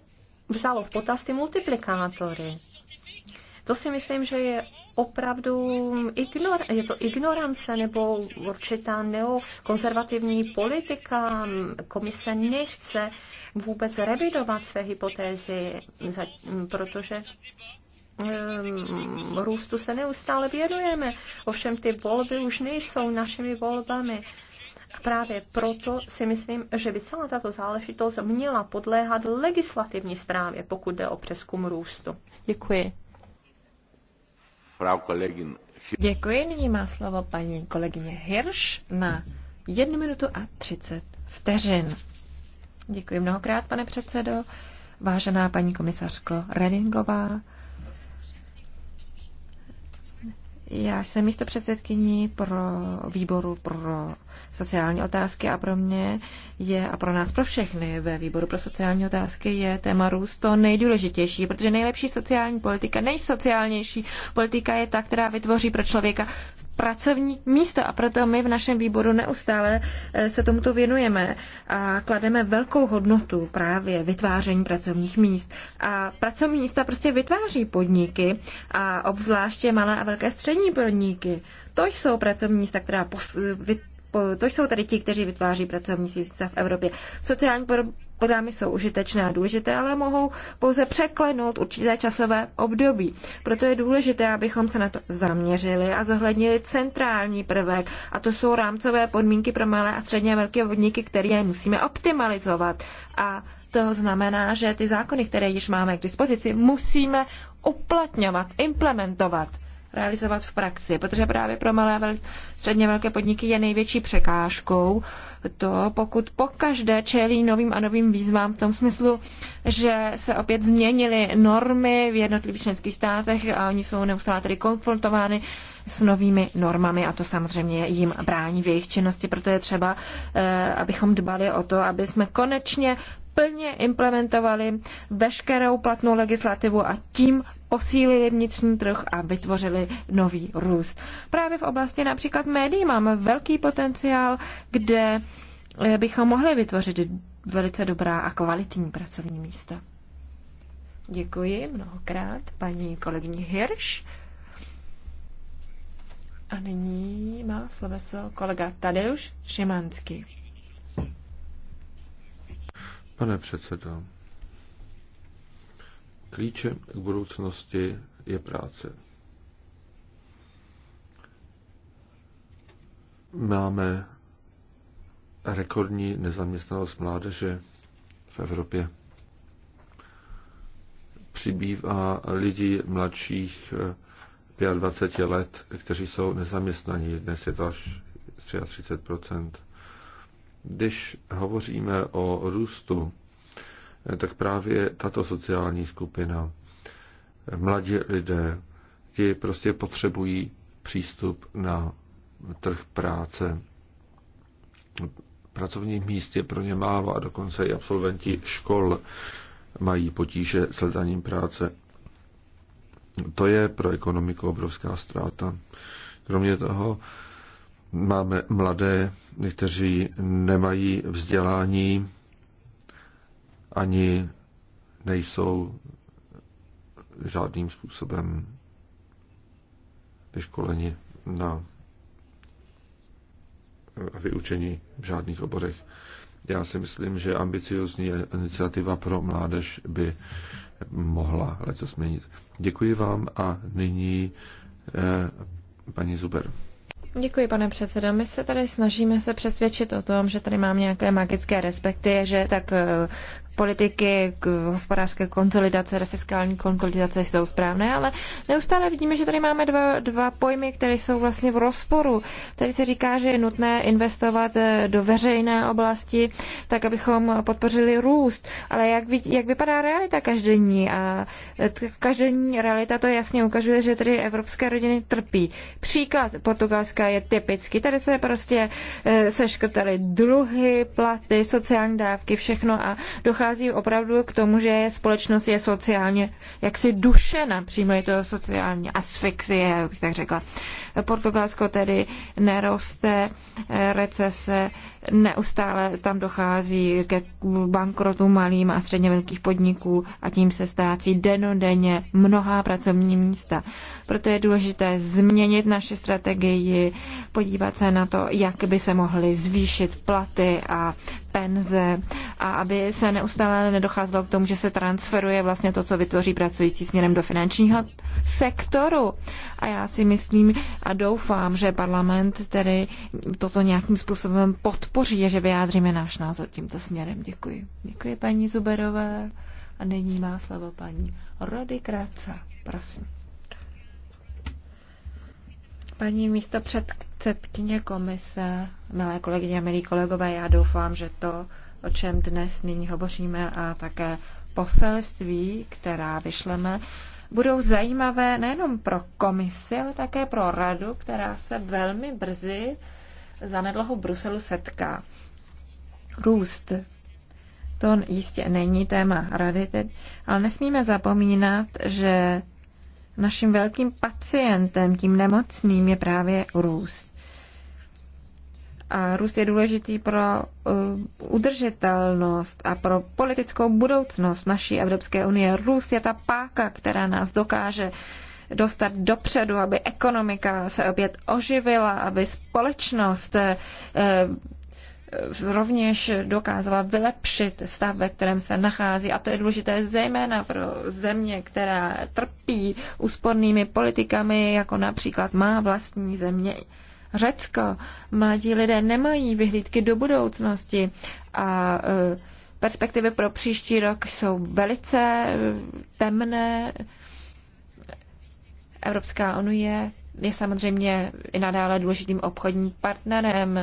vzalo v potaz ty multiplikátory. To si myslím, že je opravdu ignor, je to ignorance nebo určitá neokonzervativní politika. Komise nechce vůbec revidovat své hypotézy, protože ehm, růstu se neustále věnujeme. Ovšem ty volby už nejsou našimi volbami právě proto si myslím, že by celá tato záležitost měla podléhat legislativní zprávě, pokud jde o přeskum růstu. Děkuji. Děkuji. Nyní má slovo paní kolegyně Hirsch na 1 minutu a 30 vteřin. Děkuji mnohokrát, pane předsedo. Vážená paní komisařko Redingová, Já jsem místo předsedkyní pro výboru pro sociální otázky a pro mě je, a pro nás pro všechny ve výboru pro sociální otázky je téma růst to nejdůležitější, protože nejlepší sociální politika, nejsociálnější politika je ta, která vytvoří pro člověka pracovní místo a proto my v našem výboru neustále eh, se tomuto věnujeme a klademe velkou hodnotu právě vytváření pracovních míst. A pracovní místa prostě vytváří podniky a obzvláště malé a velké střední podniky. To jsou pracovní místa, která to jsou tedy ti, kteří vytváří pracovní místa v Evropě. Sociální programy jsou užitečné a důležité, ale mohou pouze překlenout určité časové období. Proto je důležité, abychom se na to zaměřili a zohlednili centrální prvek, a to jsou rámcové podmínky pro malé a středně velké podniky, které musíme optimalizovat. A to znamená, že ty zákony, které již máme k dispozici, musíme uplatňovat, implementovat realizovat v praxi, protože právě pro malé, vel, středně velké podniky je největší překážkou to, pokud pokaždé čelí novým a novým výzvám v tom smyslu, že se opět změnily normy v jednotlivých členských státech a oni jsou neustále tedy konfrontovány s novými normami a to samozřejmě jim brání v jejich činnosti, proto je třeba, eh, abychom dbali o to, aby jsme konečně plně implementovali veškerou platnou legislativu a tím posílili vnitřní trh a vytvořili nový růst. Právě v oblasti například médií máme velký potenciál, kde bychom mohli vytvořit velice dobrá a kvalitní pracovní místa. Děkuji mnohokrát paní kolegyně Hirš. A nyní má sloveso kolega Tadeusz Šimanský. Pane předsedo, Klíčem k budoucnosti je práce. Máme rekordní nezaměstnanost mládeže v Evropě. Přibývá lidí mladších 25 eh, let, kteří jsou nezaměstnaní. Dnes je to až 33 Když hovoříme o růstu, tak právě tato sociální skupina, mladí lidé, ti prostě potřebují přístup na trh práce. Pracovních míst je pro ně málo a dokonce i absolventi škol mají potíže s hledáním práce. To je pro ekonomiku obrovská ztráta. Kromě toho máme mladé, kteří nemají vzdělání, ani nejsou žádným způsobem vyškoleni na vyučení v žádných oborech. Já si myslím, že ambiciozní iniciativa pro mládež by mohla leco změnit. Děkuji vám a nyní eh, paní Zuber. Děkuji, pane předsedo. My se tady snažíme se přesvědčit o tom, že tady mám nějaké magické respekty, že tak eh, politiky k hospodářské konsolidace, fiskální konsolidace jsou správné, ale neustále vidíme, že tady máme dva, dva pojmy, které jsou vlastně v rozporu. Tady se říká, že je nutné investovat eh, do veřejné oblasti, tak abychom podpořili růst. Ale jak, jak vypadá realita každodenní? A eh, každodenní realita to jasně ukazuje, že tady evropské rodiny trpí. Příklad Portugalska je typický. Tady se prostě eh, seškrtaly druhy, platy, sociální dávky, všechno a dochází dochází opravdu k tomu, že společnost je sociálně jaksi dušena, přímo je to sociální asfixie, bych tak řekla. Portugalsko tedy neroste, recese, neustále tam dochází ke bankrotu malým a středně velkých podniků a tím se ztrácí denodenně mnohá pracovní místa. Proto je důležité změnit naši strategii, podívat se na to, jak by se mohly zvýšit platy a penze a aby se neustále nedocházelo k tomu, že se transferuje vlastně to, co vytvoří pracující směrem do finančního sektoru. A já si myslím a doufám, že parlament tedy toto nějakým způsobem podpoří a že vyjádříme náš názor tímto směrem. Děkuji. Děkuji paní Zuberové. A nyní má slovo paní Rody Kráca. Prosím. Paní místo předsedkyně komise, milé kolegyně milí kolegové, já doufám, že to, o čem dnes nyní hovoříme a také poselství, která vyšleme, budou zajímavé nejenom pro komisi, ale také pro radu, která se velmi brzy za nedlouho Bruselu setká. Růst. To jistě není téma rady, ale nesmíme zapomínat, že naším velkým pacientem, tím nemocným, je právě růst. A růst je důležitý pro uh, udržitelnost a pro politickou budoucnost naší Evropské unie. Růst je ta páka, která nás dokáže dostat dopředu, aby ekonomika se opět oživila, aby společnost uh, rovněž dokázala vylepšit stav, ve kterém se nachází. A to je důležité zejména pro země, která trpí úspornými politikami, jako například má vlastní země. Řecko. Mladí lidé nemají vyhlídky do budoucnosti a e, perspektivy pro příští rok jsou velice e, temné. Evropská unie je samozřejmě i nadále důležitým obchodním partnerem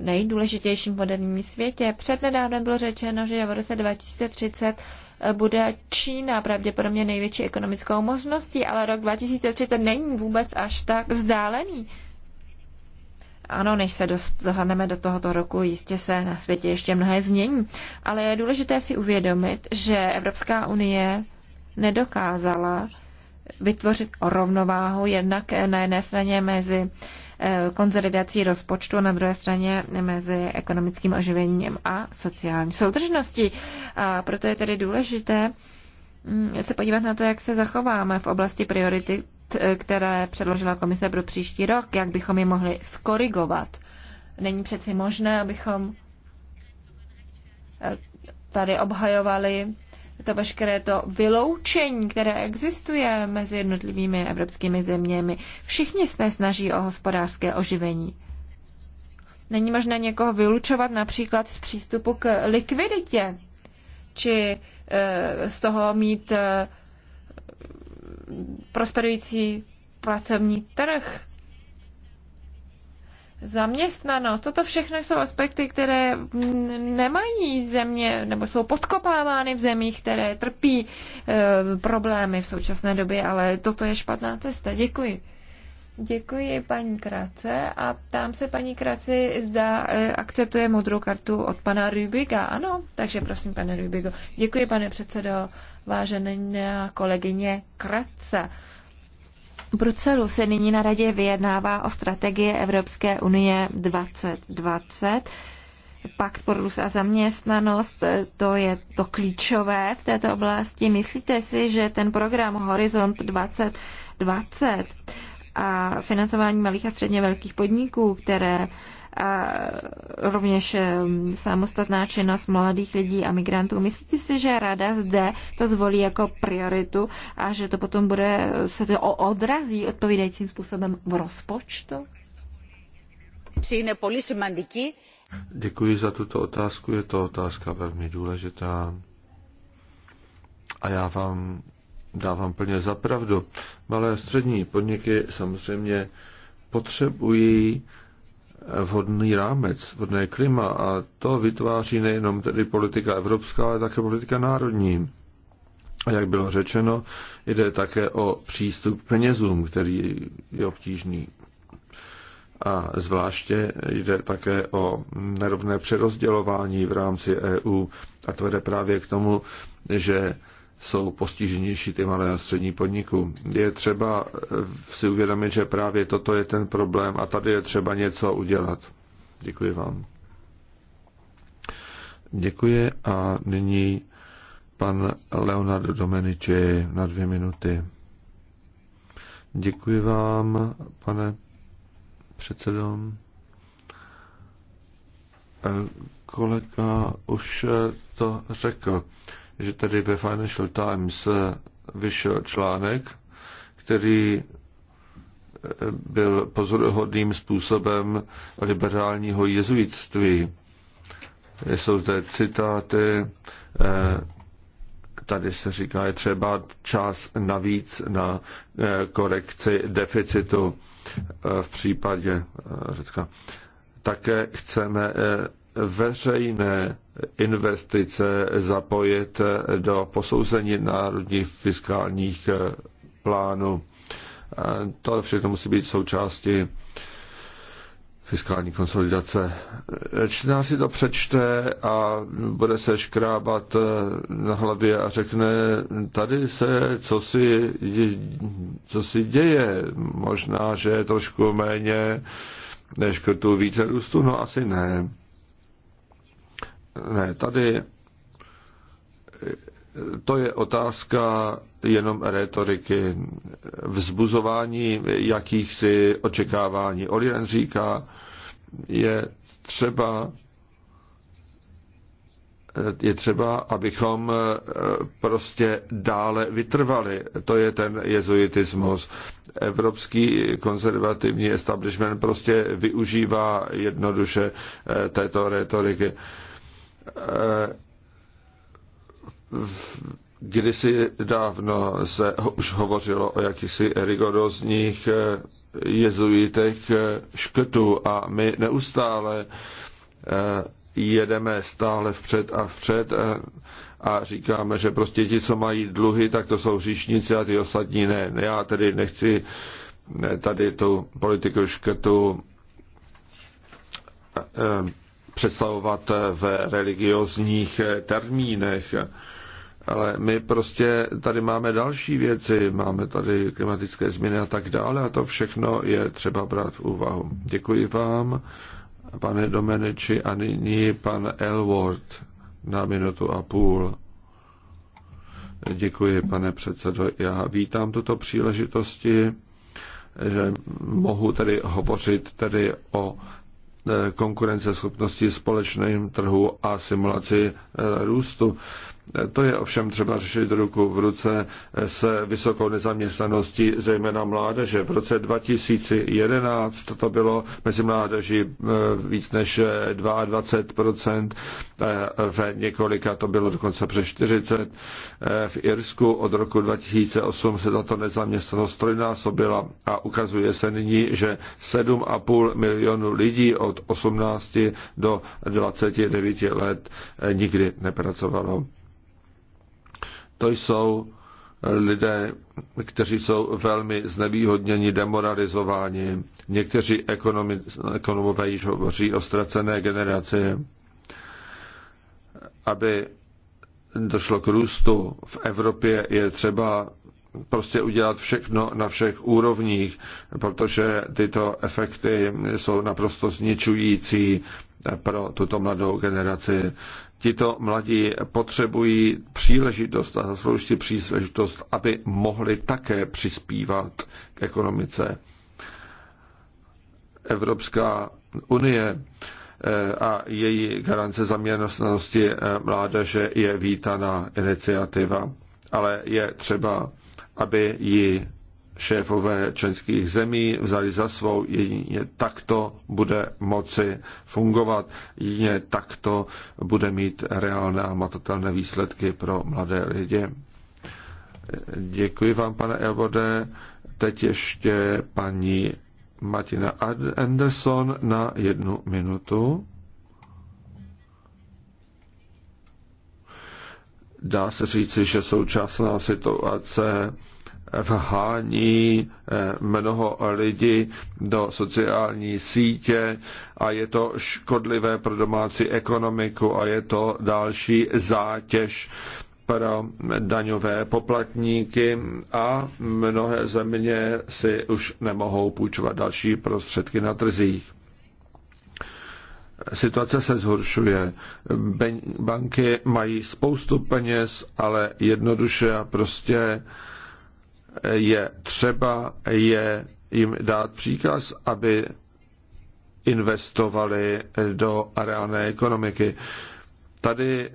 nejdůležitějším moderním světě. Přednedávnem bylo řečeno, že v roce 2030 eh, bude Čína pravděpodobně největší ekonomickou možností, ale rok 2030 není vůbec až tak vzdálený. Ano, než se dostaneme do tohoto roku, jistě se na světě ještě mnohé změní. Ale je důležité si uvědomit, že Evropská unie nedokázala vytvořit rovnováhu jednak na jedné straně mezi Eh, konzolidací rozpočtu a na druhé straně mezi ekonomickým oživením a sociální soudržností. A proto je tedy důležité mm, se podívat na to, jak se zachováme v oblasti priority, které předložila komise pro příští rok, jak bychom je mohli skorigovat. Není přeci možné, abychom eh, tady obhajovali to veškeré to vyloučení, které existuje mezi jednotlivými evropskými zeměmi. Všichni se snaží o hospodářské oživení. Není možné někoho vylučovat například z přístupu k likviditě, či e, z toho mít e, prosperující pracovní trh zaměstnanost. Toto všechno jsou aspekty, které nemají země nebo jsou podkopávány v zemích, které trpí e, problémy v současné době, ale toto je špatná cesta. Děkuji. Děkuji paní Krace a ptám se paní Kraci, zda e, akceptuje modrou kartu od pana Rubiga. Ano, takže prosím, pane Rubigo. Děkuji, pane předsedo, vážené kolegyně Krace. Bruselu se nyní na radě vyjednává o strategie Evropské unie 2020. Pakt pro růst a zaměstnanost, eh, to je to klíčové v této oblasti. Myslíte si, že ten program Horizont 2020 a financování malých a středně velkých podniků, které a rovněž um, samostatná činnost mladých lidí a migrantů. Myslíte si, že rada zde to zvolí jako prioritu a že to potom bude se to odrazí odpovídajícím způsobem v rozpočtu? Děkuji za tuto otázku, je to otázka velmi důležitá. A já vám dávám plně za pravdu. Malé a střední podniky samozřejmě potřebují vhodný rámec, vhodné klima a to vytváří nejenom tedy politika evropská, ale také politika národní. A jak bylo řečeno, jde také o přístup k penězům, který je obtížný. A zvláště jde také o nerovné přerozdělování v rámci EU a to vede právě k tomu, že jsou postiženější ty malé a střední podniku. Je třeba eh, si uvědomit, že právě toto je ten problém a tady je třeba něco udělat. Děkuji vám. Děkuji a nyní pan Leonardo Domenici na dvě minuty. Děkuji vám, pane předsedo. Eh, kolega už eh, to řekl že tady ve Financial Times vyšel článek, který eh, byl pozoruhodným způsobem liberálního jezuitství. Jsou zde citáty, eh, tady se říká, je třeba čas navíc na eh, korekci deficitu v případě Řecka. Také chceme veřejné investice zapojit do posouzení národních fiskálních eh, plánů. To všechno musí být součástí fiskální konsolidace. Čtená si to přečte a bude se škrábat eh, na hlavě a řekne, tady se co si, co si děje, možná, že je trošku méně než krtu více růstu, no asi ne. Ne, tady to je otázka jenom retoriky, vzbuzování jakýchsi očekávání. Orient říká, je třeba je třeba, abychom prostě dále vytrvali. To je ten jezuitismus. Evropský konzervativní establishment prostě využívá jednoduše této retoriky. Eh, kdysi dávno se už hovořilo o jakýsi rigorózních eh, jezuitech eh, škrtů a my neustále jedeme stále vpřed a vpřed a říkáme, že prostě ti, co mají dluhy, tak to jsou říšníci a ty ostatní ne. Já tedy nechci tady tu politiku škrtu představovat v religiozních termínech. Ale my prostě tady máme další věci, máme tady klimatické změny a tak dále a to všechno je třeba brát v úvahu. Děkuji vám, pane Domeneči, a nyní pan Elward na minutu a půl. Děkuji, pane předsedo. Já vítám tuto příležitosti, že mohu tady hovořit tedy o Eh, konkurenceschopnosti společném trhu a simulaci eh, růstu. To je ovšem třeba řešit ruku v ruce s vysokou nezaměstnaností, zejména mládeže. V roce 2011 to bylo mezi mládeží eh, víc než 22%, eh, eh, v několika to bylo dokonce přes 40. V Irsku od roku 2008 se tato nezaměstnanost trojnásobila a ukazuje se nyní, že 7,5 milionu lidí od 18 do 29 let nikdy nepracovalo. To jsou lidé, kteří jsou velmi znevýhodněni, demoralizováni. Někteří ekonomi, ekonomové již hovoří o ztracené generaci. Aby došlo k růstu v Evropě, je třeba prostě udělat všechno na všech úrovních, protože tyto efekty jsou naprosto zničující pro tuto mladou generaci. Tito mladí potřebují příležitost a zaslouží příležitost, aby mohli také přispívat k ekonomice. Evropská unie eh, a její garance zaměstnanosti eh, mládeže je vítaná iniciativa, ale je třeba, aby ji šéfové členských zemí vzali za svou, jedině takto bude moci fungovat, jedině takto bude mít reálné a matatelné výsledky pro mladé lidi. Děkuji vám, pane Elvode. Teď ještě paní Martina Anderson na jednu minutu. Dá se říci, že současná situace vhání eh, mnoho lidí do sociální sítě a je to škodlivé pro domácí ekonomiku a je to další zátěž pro daňové poplatníky a mnohé země si už nemohou půjčovat další prostředky na trzích. Situace se zhoršuje. Banky mají spoustu peněz, ale jednoduše a prostě je třeba je jim dát příkaz, aby investovali do reálné ekonomiky. Tady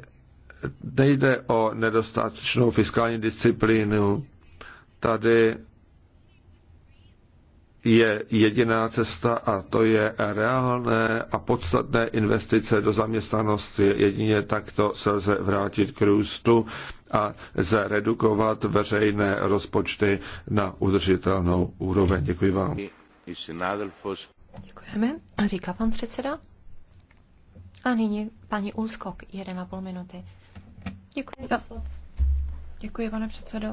nejde o nedostatečnou fiskální disciplínu. Tady je jediná cesta a to je reálné a podstatné investice do zaměstnanosti. Jedině takto se lze vrátit k růstu a zredukovat veřejné rozpočty na udržitelnou úroveň. Děkuji vám. Děkujeme, říká pan předseda. A nyní paní Úskok, 1,5 minuty. Děkuji. Děkuji, pane předsedo.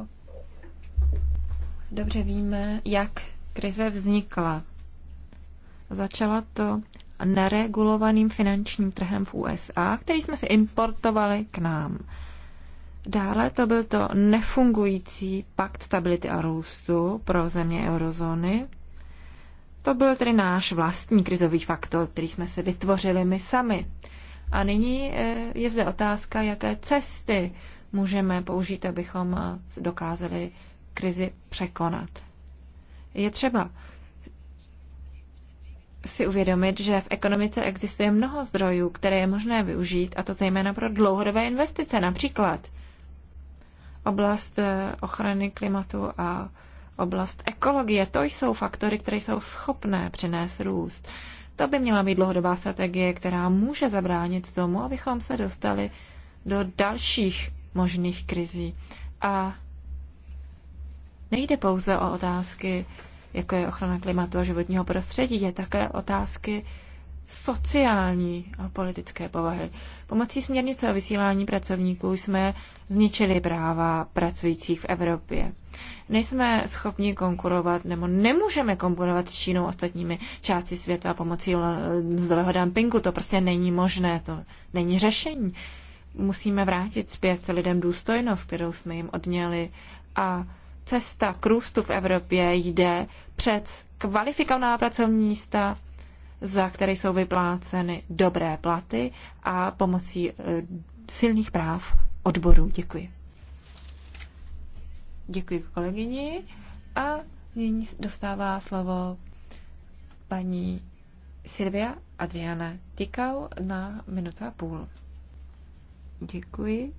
Dobře víme, jak Krize vznikla. Začala to neregulovaným finančním trhem v USA, který jsme si importovali k nám. Dále to byl to nefungující pakt stability a růstu pro země eurozóny. To byl tedy náš vlastní krizový faktor, který jsme si vytvořili my sami. A nyní eh, je zde otázka, jaké cesty můžeme použít, abychom eh, dokázali krizi překonat. Je třeba si uvědomit, že v ekonomice existuje mnoho zdrojů, které je možné využít, a to zejména pro dlouhodobé investice, například oblast eh, ochrany klimatu a oblast ekologie. To jsou faktory, které jsou schopné přinést růst. To by měla být dlouhodobá strategie, která může zabránit tomu, abychom se dostali do dalších možných krizí. A nejde pouze o otázky jako je ochrana klimatu a životního prostředí, je také otázky sociální a politické povahy. Pomocí směrnice o vysílání pracovníků jsme zničili práva pracujících v Evropě. Nejsme schopni konkurovat, nebo nemůžeme konkurovat s Čínou ostatními části světa pomocí mzdového dumpingu. To prostě není možné, to není řešení. Musíme vrátit zpět lidem důstojnost, kterou jsme jim odněli a cesta k růstu v Evropě jde před kvalifikovaná pracovní místa, za které jsou vypláceny dobré platy a pomocí eh, silných práv odborů. Děkuji. Děkuji kolegyni a nyní dostává slovo paní Silvia Adriana Tikau na minutu a půl. Děkuji.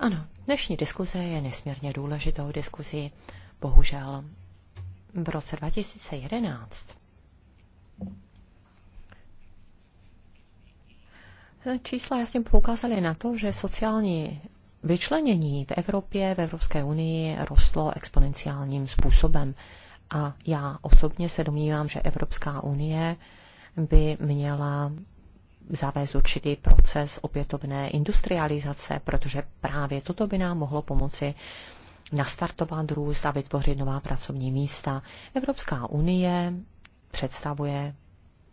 Ano, dnešní diskuze je nesmírně důležitou diskuzí. Bohužel v roce 2011 čísla jasně poukázaly na to, že sociální vyčlenění v Evropě, v Evropské unii rostlo exponenciálním způsobem. A já osobně se domnívám, že Evropská unie by měla zavést určitý proces opětovné industrializace, protože právě toto by nám mohlo pomoci nastartovat růst a vytvořit nová pracovní místa. Evropská unie představuje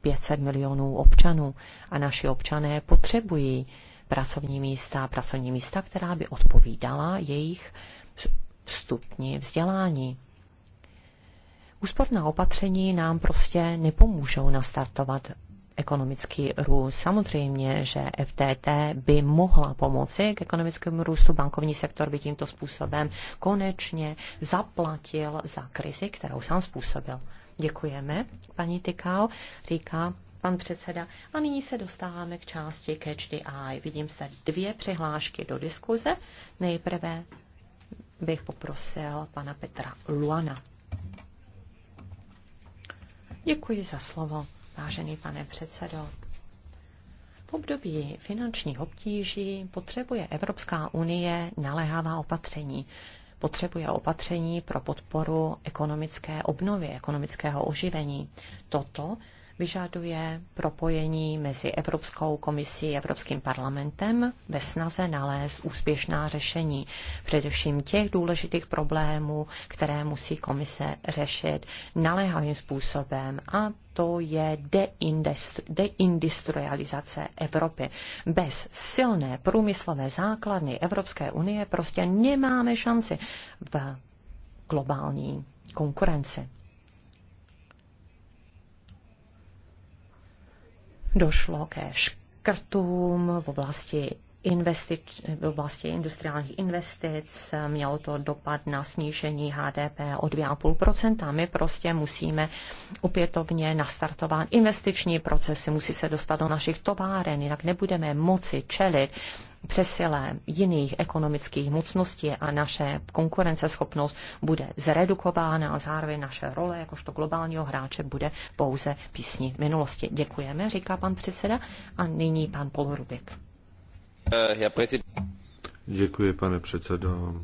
500 milionů občanů a naši občané potřebují pracovní místa, pracovní místa, která by odpovídala jejich vstupní vzdělání. Úsporná opatření nám prostě nepomůžou nastartovat ekonomický růst. Samozřejmě, že FTT by mohla pomoci k ekonomickému růstu. Bankovní sektor by tímto způsobem konečně zaplatil za krizi, kterou sám způsobil. Děkujeme, paní Tykal, říká pan předseda. A nyní se dostáváme k části Catch the Eye. Vidím zde dvě přihlášky do diskuze. Nejprve bych poprosil pana Petra Luana. Děkuji za slovo. Vážený pane předsedo, v období finančních obtíží potřebuje Evropská unie naléhavá opatření. Potřebuje opatření pro podporu ekonomické obnovy, ekonomického oživení. Toto vyžaduje propojení mezi Evropskou komisí a Evropským parlamentem ve snaze nalézt úspěšná řešení, především těch důležitých problémů, které musí komise řešit naléhavým způsobem a to je deindustrializace Evropy. Bez silné průmyslové základny Evropské unie prostě nemáme šanci v globální konkurenci. došlo ke škrtům v oblasti investic, v oblasti industriálních investic, mělo to dopad na snížení HDP o 2,5%. My prostě musíme opětovně nastartovat investiční procesy, musí se dostat do našich továren, jinak nebudeme moci čelit přesile jiných ekonomických mocností a naše konkurenceschopnost bude zredukována a zároveň naše role jakožto globálního hráče bude pouze písní minulosti. Děkujeme, říká pan předseda a nyní pan Polorubik. Eh, Děkuji, pane předsedo.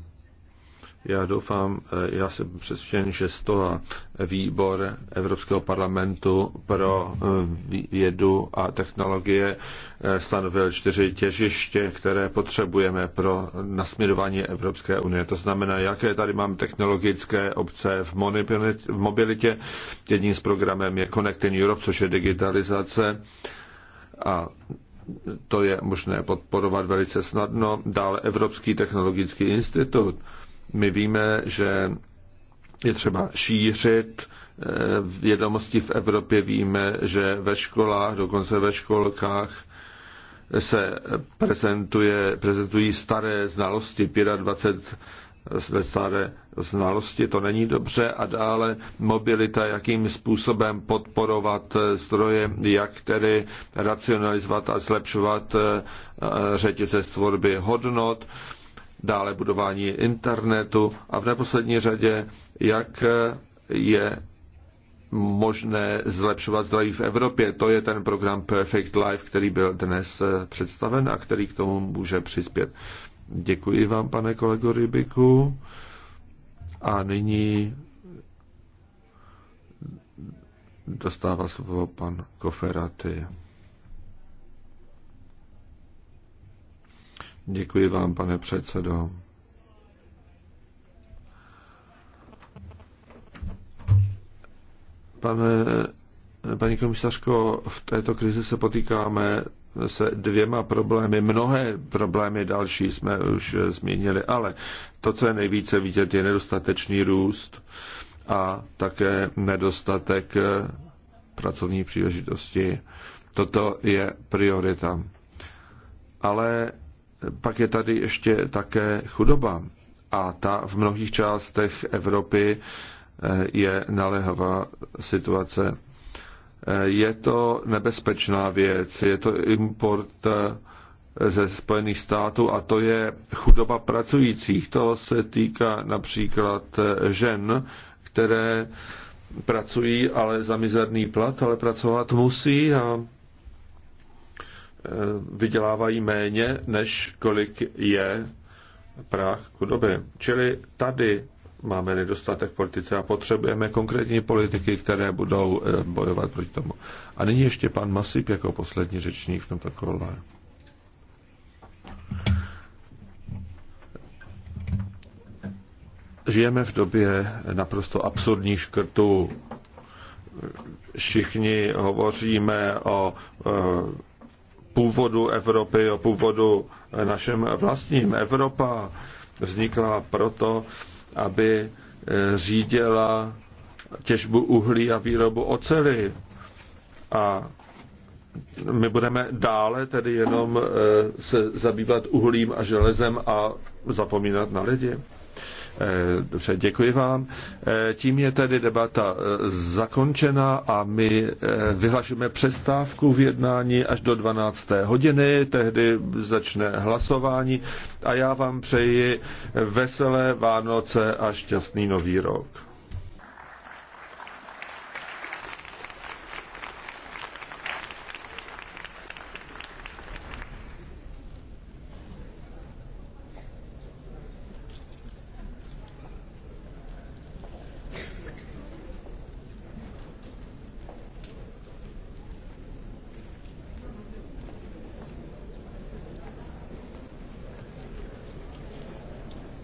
Já doufám, eh, já jsem přesvědčen, že toho výbor Evropského parlamentu pro eh, vědu a technologie eh, stanovil čtyři těžiště, které potřebujeme pro nasměrování Evropské unie. To znamená, jaké tady mám technologické obce v mobilitě. Jedním z programem je Connecting Europe, což je digitalizace. A to je možné podporovat velice snadno. Dále Evropský technologický institut my víme, že je třeba šířit eh, vědomosti v Evropě. Víme, že ve školách, dokonce ve školkách, se prezentuje, prezentují staré znalosti, 25 staré znalosti, to není dobře. A dále mobilita, jakým způsobem podporovat zdroje, jak tedy racionalizovat a zlepšovat eh, řetězec tvorby hodnot dále budování internetu a v neposlední řadě, jak je možné zlepšovat zdraví v Evropě. To je ten program Perfect Life, který byl dnes eh, představen a který k tomu může přispět. Děkuji vám, pane kolego Rybiku. A nyní dostává slovo pan Koferaty. Děkuji vám, pane předsedo. Pane, paní komisařko, v této krizi se potýkáme se dvěma problémy. Mnohé problémy další jsme už změnili, ale to, co je nejvíce vidět, je nedostatečný růst a také nedostatek pracovní příležitosti. Toto je priorita. Ale pak je tady ještě také chudoba a ta v mnohých částech Evropy eh, je naléhavá situace. Eh, je to nebezpečná věc, je to import eh, ze Spojených států a to je chudoba pracujících. To se týká například žen, které pracují, ale za mizerný plat, ale pracovat musí a Eh, vydělávají méně, než kolik je práh chudoby. Čili tady máme nedostatek v politice a potřebujeme konkrétní politiky, které budou eh, bojovat proti tomu. A nyní ještě pan Masip jako poslední řečník v tomto kole. Žijeme v době naprosto absurdních škrtů. Všichni hovoříme o eh, původu Evropy, o původu našem vlastním. Evropa vznikla proto, aby eh, řídila těžbu uhlí a výrobu ocely. A my budeme dále tedy jenom eh, se zabývat uhlím a železem a zapomínat na lidi. Eh, dobře, děkuji vám. Eh, tím je tedy debata eh, zakončena a my vyhlašujeme přestávku v jednání až do 12. hodiny, tehdy začne hlasování a já vám přeji veselé Vánoce a šťastný nový rok.